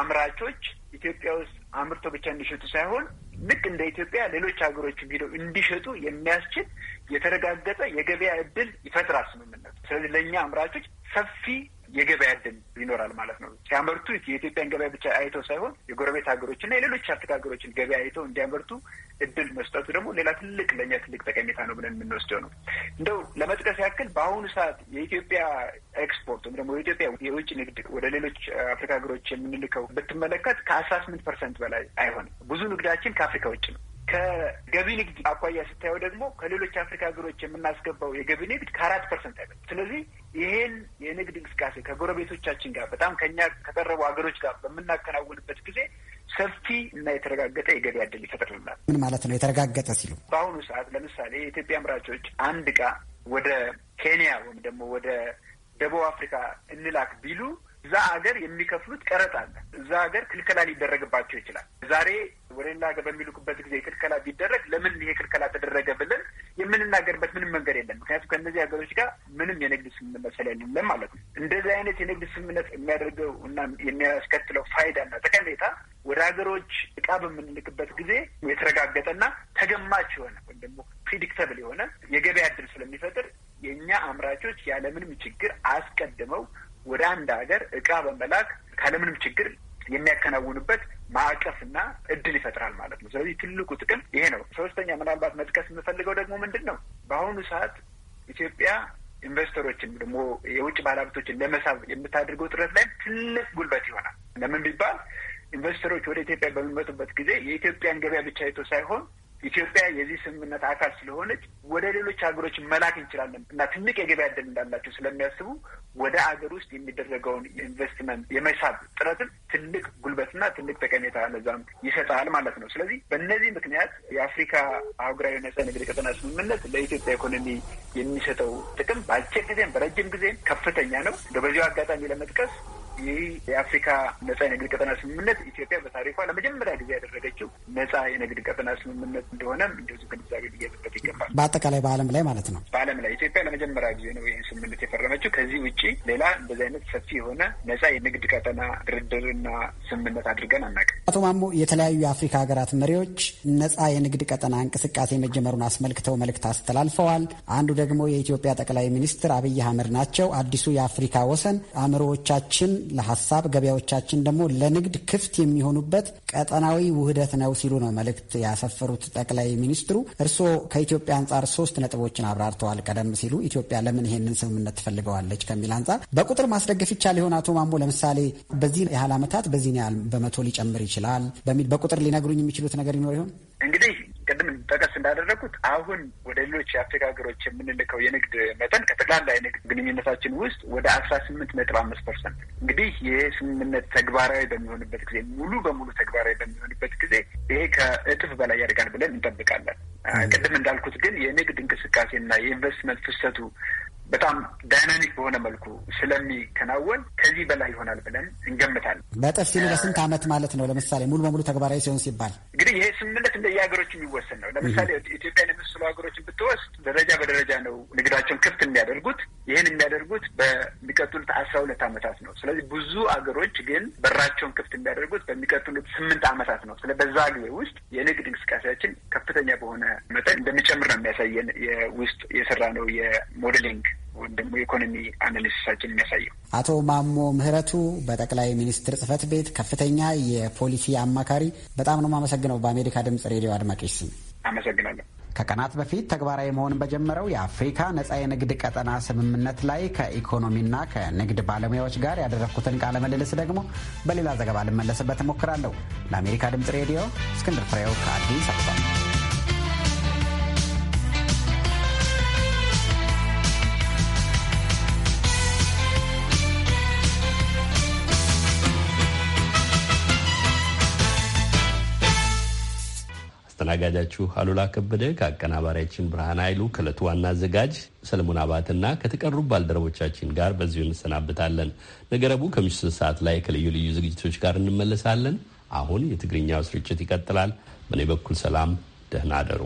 አምራቾች ኢትዮጵያ ውስጥ አምርቶ ብቻ እንዲሸጡ ሳይሆን ልክ እንደ ኢትዮጵያ ሌሎች ሀገሮች ሄደው እንዲሸጡ የሚያስችል የተረጋገጠ የገበያ እድል ይፈጥራል ስምምነቱ። ስለዚህ ለእኛ አምራቾች ሰፊ የገበያ እድል ይኖራል ማለት ነው። ሲያመርቱ የኢትዮጵያን ገበያ ብቻ አይተው ሳይሆን የጎረቤት ሀገሮችና የሌሎች አፍሪካ ሀገሮችን ገበያ አይተው እንዲያመርቱ እድል መስጠቱ ደግሞ ሌላ ትልቅ ለእኛ ትልቅ ጠቀሜታ ነው ብለን የምንወስደው ነው። እንደው ለመጥቀስ ያክል በአሁኑ ሰዓት የኢትዮጵያ ኤክስፖርት ወይም ደግሞ የኢትዮጵያ የውጭ ንግድ ወደ ሌሎች አፍሪካ ሀገሮች የምንልከው ብትመለከት ከአስራ ስምንት ፐርሰንት በላይ አይሆንም። ብዙ ንግዳችን ከአፍሪካ ውጭ ነው። ከገቢ ንግድ አኳያ ስታየው ደግሞ ከሌሎች አፍሪካ ሀገሮች የምናስገባው የገቢ ንግድ ከአራት ፐርሰንት አይበልጥ። ስለዚህ ይህን የንግድ እንቅስቃሴ ከጎረቤቶቻችን ጋር በጣም ከኛ ከቀረቡ ሀገሮች ጋር በምናከናውንበት ጊዜ ሰፊ እና የተረጋገጠ የገበያ እድል ይፈጥርልናል። ምን ማለት ነው የተረጋገጠ ሲሉ? በአሁኑ ሰዓት ለምሳሌ የኢትዮጵያ አምራቾች አንድ እቃ ወደ ኬንያ ወይም ደግሞ ወደ ደቡብ አፍሪካ እንላክ ቢሉ እዛ ሀገር የሚከፍሉት ቀረጥ አለ። እዛ ሀገር ክልከላ ሊደረግባቸው ይችላል። ዛሬ ወደ ሌላ ሀገር በሚልኩበት ጊዜ ክልከላ ቢደረግ ለምን ይሄ ክልከላ ተደረገ ብለን የምንናገርበት ምንም መንገድ የለም። ምክንያቱም ከእነዚህ ሀገሮች ጋር ምንም የንግድ ስምምነት ስለሌለን ማለት ነው። እንደዚህ አይነት የንግድ ስምምነት የሚያደርገው እና የሚያስከትለው እና ጠቀሜታ ወደ ሀገሮች እቃ በምንልክበት ጊዜ የተረጋገጠና ተገማች የሆነ ወይም ደግሞ ፕሪዲክተብል የሆነ የገበያ እድል ስለሚፈጥር የእኛ አምራቾች ያለምንም ችግር አስቀድመው ወደ አንድ ሀገር እቃ በመላክ ካለምንም ችግር የሚያከናውኑበት ማዕቀፍና እድል ይፈጥራል ማለት ነው። ስለዚህ ትልቁ ጥቅም ይሄ ነው። ሶስተኛ ምናልባት መጥቀስ የምፈልገው ደግሞ ምንድን ነው በአሁኑ ሰዓት ኢትዮጵያ ኢንቨስተሮችን ደግሞ የውጭ ባለሀብቶችን ለመሳብ የምታደርገው ጥረት ላይ ትልቅ ጉልበት ይሆናል። ለምን ቢባል ኢንቨስተሮች ወደ ኢትዮጵያ በሚመጡበት ጊዜ የኢትዮጵያን ገበያ ብቻ አይቶ ሳይሆን ኢትዮጵያ የዚህ ስምምነት አካል ስለሆነች ወደ ሌሎች ሀገሮች መላክ እንችላለን እና ትልቅ የገበያ እድል እንዳላቸው ስለሚያስቡ ወደ አገር ውስጥ የሚደረገውን ኢንቨስትመንት የመሳብ ጥረትም ትልቅ ጉልበትና ትልቅ ጠቀሜታ ለዛም ይሰጣል ማለት ነው። ስለዚህ በእነዚህ ምክንያት የአፍሪካ አህጉራዊ ነጻ ንግድ ቀጠና ስምምነት ለኢትዮጵያ ኢኮኖሚ የሚሰጠው ጥቅም በአጭር ጊዜም በረጅም ጊዜም ከፍተኛ ነው። በዚሁ አጋጣሚ ለመጥቀስ ይህ የአፍሪካ ነጻ የንግድ ቀጠና ስምምነት ኢትዮጵያ በታሪኳ ለመጀመሪያ ጊዜ ያደረገችው ነጻ የንግድ ቀጠና ስምምነት እንደሆነም እንደዚ ግንዛቤ ሊያዝበት ይገባል። በአጠቃላይ በዓለም ላይ ማለት ነው። በዓለም ላይ ኢትዮጵያ ለመጀመሪያ ጊዜ ነው ይህን ስምምነት የፈረመችው። ከዚህ ውጭ ሌላ እንደዚህ አይነት ሰፊ የሆነ ነጻ የንግድ ቀጠና ድርድርና ስምምነት አድርገን አናውቅም። አቶ ማሞ፣ የተለያዩ የአፍሪካ ሀገራት መሪዎች ነጻ የንግድ ቀጠና እንቅስቃሴ መጀመሩን አስመልክተው መልእክት አስተላልፈዋል። አንዱ ደግሞ የኢትዮጵያ ጠቅላይ ሚኒስትር አብይ አህመድ ናቸው። አዲሱ የአፍሪካ ወሰን አእምሮዎቻችን ለሀሳብ ገበያዎቻችን ደግሞ ለንግድ ክፍት የሚሆኑበት ቀጠናዊ ውህደት ነው ሲሉ ነው መልእክት ያሰፈሩት ጠቅላይ ሚኒስትሩ። እርስዎ ከኢትዮጵያ አንጻር ሶስት ነጥቦችን አብራርተዋል። ቀደም ሲሉ ኢትዮጵያ ለምን ይሄንን ስምምነት ትፈልገዋለች ከሚል አንጻር በቁጥር ማስደገፍ ይቻል ይሆን? አቶ ማሞ ለምሳሌ በዚህ ያህል ዓመታት በዚህ ያህል በመቶ ሊጨምር ይችላል በሚል በቁጥር ሊነግሩኝ የሚችሉት ነገር ይኖር ይሆን? እንግዲህ ቅድም ጠቀስ እንዳደረጉት አሁን ወደ ሌሎች የአፍሪካ ሀገሮች የምንልከው የንግድ መጠን ከጠቅላላ የንግድ ግንኙነታችን ውስጥ ወደ አስራ ስምንት ነጥብ አምስት ፐርሰንት። እንግዲህ ይህ ስምምነት ተግባራዊ በሚሆንበት ጊዜ ሙሉ በሙሉ ተግባራዊ በሚሆንበት ጊዜ ይሄ ከእጥፍ በላይ ያድጋል ብለን እንጠብቃለን። ቅድም እንዳልኩት ግን የንግድ እንቅስቃሴና የኢንቨስትመንት ፍሰቱ በጣም ዳይናሚክ በሆነ መልኩ ስለሚከናወን ከዚህ በላይ ይሆናል ብለን እንገምታለን። በእጥፍ ሲሉ በስንት ዓመት ማለት ነው? ለምሳሌ ሙሉ በሙሉ ተግባራዊ ሲሆን ሲባል እንግዲህ ይሄ ስምምነት እንደ የሀገሮች የሚወሰን ነው። ለምሳሌ ኢትዮጵያን የመሰሉ ሀገሮችን ብትወስድ ደረጃ በደረጃ ነው ንግዳቸውን ክፍት የሚያደርጉት። ይህን የሚያደርጉት በሚቀጥሉት አስራ ሁለት ዓመታት ነው። ስለዚህ ብዙ አገሮች ግን በራቸውን ክፍት የሚያደርጉት በሚቀጥሉት ስምንት ዓመታት ነው። ስለ በዛ ጊዜ ውስጥ የንግድ እንቅስቃሴያችን ከፍተኛ በሆነ መጠን እንደሚጨምር ነው የሚያሳየን የውስጥ የሰራ ነው የሞዴሊንግ ወይም ደግሞ የኢኮኖሚ አናሊሲሳችን የሚያሳየው። አቶ ማሞ ምህረቱ በጠቅላይ ሚኒስትር ጽህፈት ቤት ከፍተኛ የፖሊሲ አማካሪ፣ በጣም ነው የማመሰግነው። በአሜሪካ ድምጽ ሬዲዮ አድማጮች ስም አመሰግናለሁ። ከቀናት በፊት ተግባራዊ መሆን በጀመረው የአፍሪካ ነጻ የንግድ ቀጠና ስምምነት ላይ ከኢኮኖሚና ከንግድ ባለሙያዎች ጋር ያደረግኩትን ቃለ ምልልስ ደግሞ በሌላ ዘገባ ልመለስበት እሞክራለሁ። ለአሜሪካ ድምፅ ሬዲዮ እስክንድር ፍሬው ከአዲስ አበባ አስተናጋጃችሁ አሉላ ከበደ ከአቀናባሪያችን ብርሃን ኃይሉ ከእለቱ ዋና አዘጋጅ ሰለሞን አባትና ከተቀሩ ባልደረቦቻችን ጋር በዚሁ እንሰናብታለን። ነገ ረቡዕ ከምሽቱ ሰዓት ላይ ከልዩ ልዩ ዝግጅቶች ጋር እንመለሳለን። አሁን የትግርኛው ስርጭት ይቀጥላል። በእኔ በኩል ሰላም፣ ደህና አደሩ።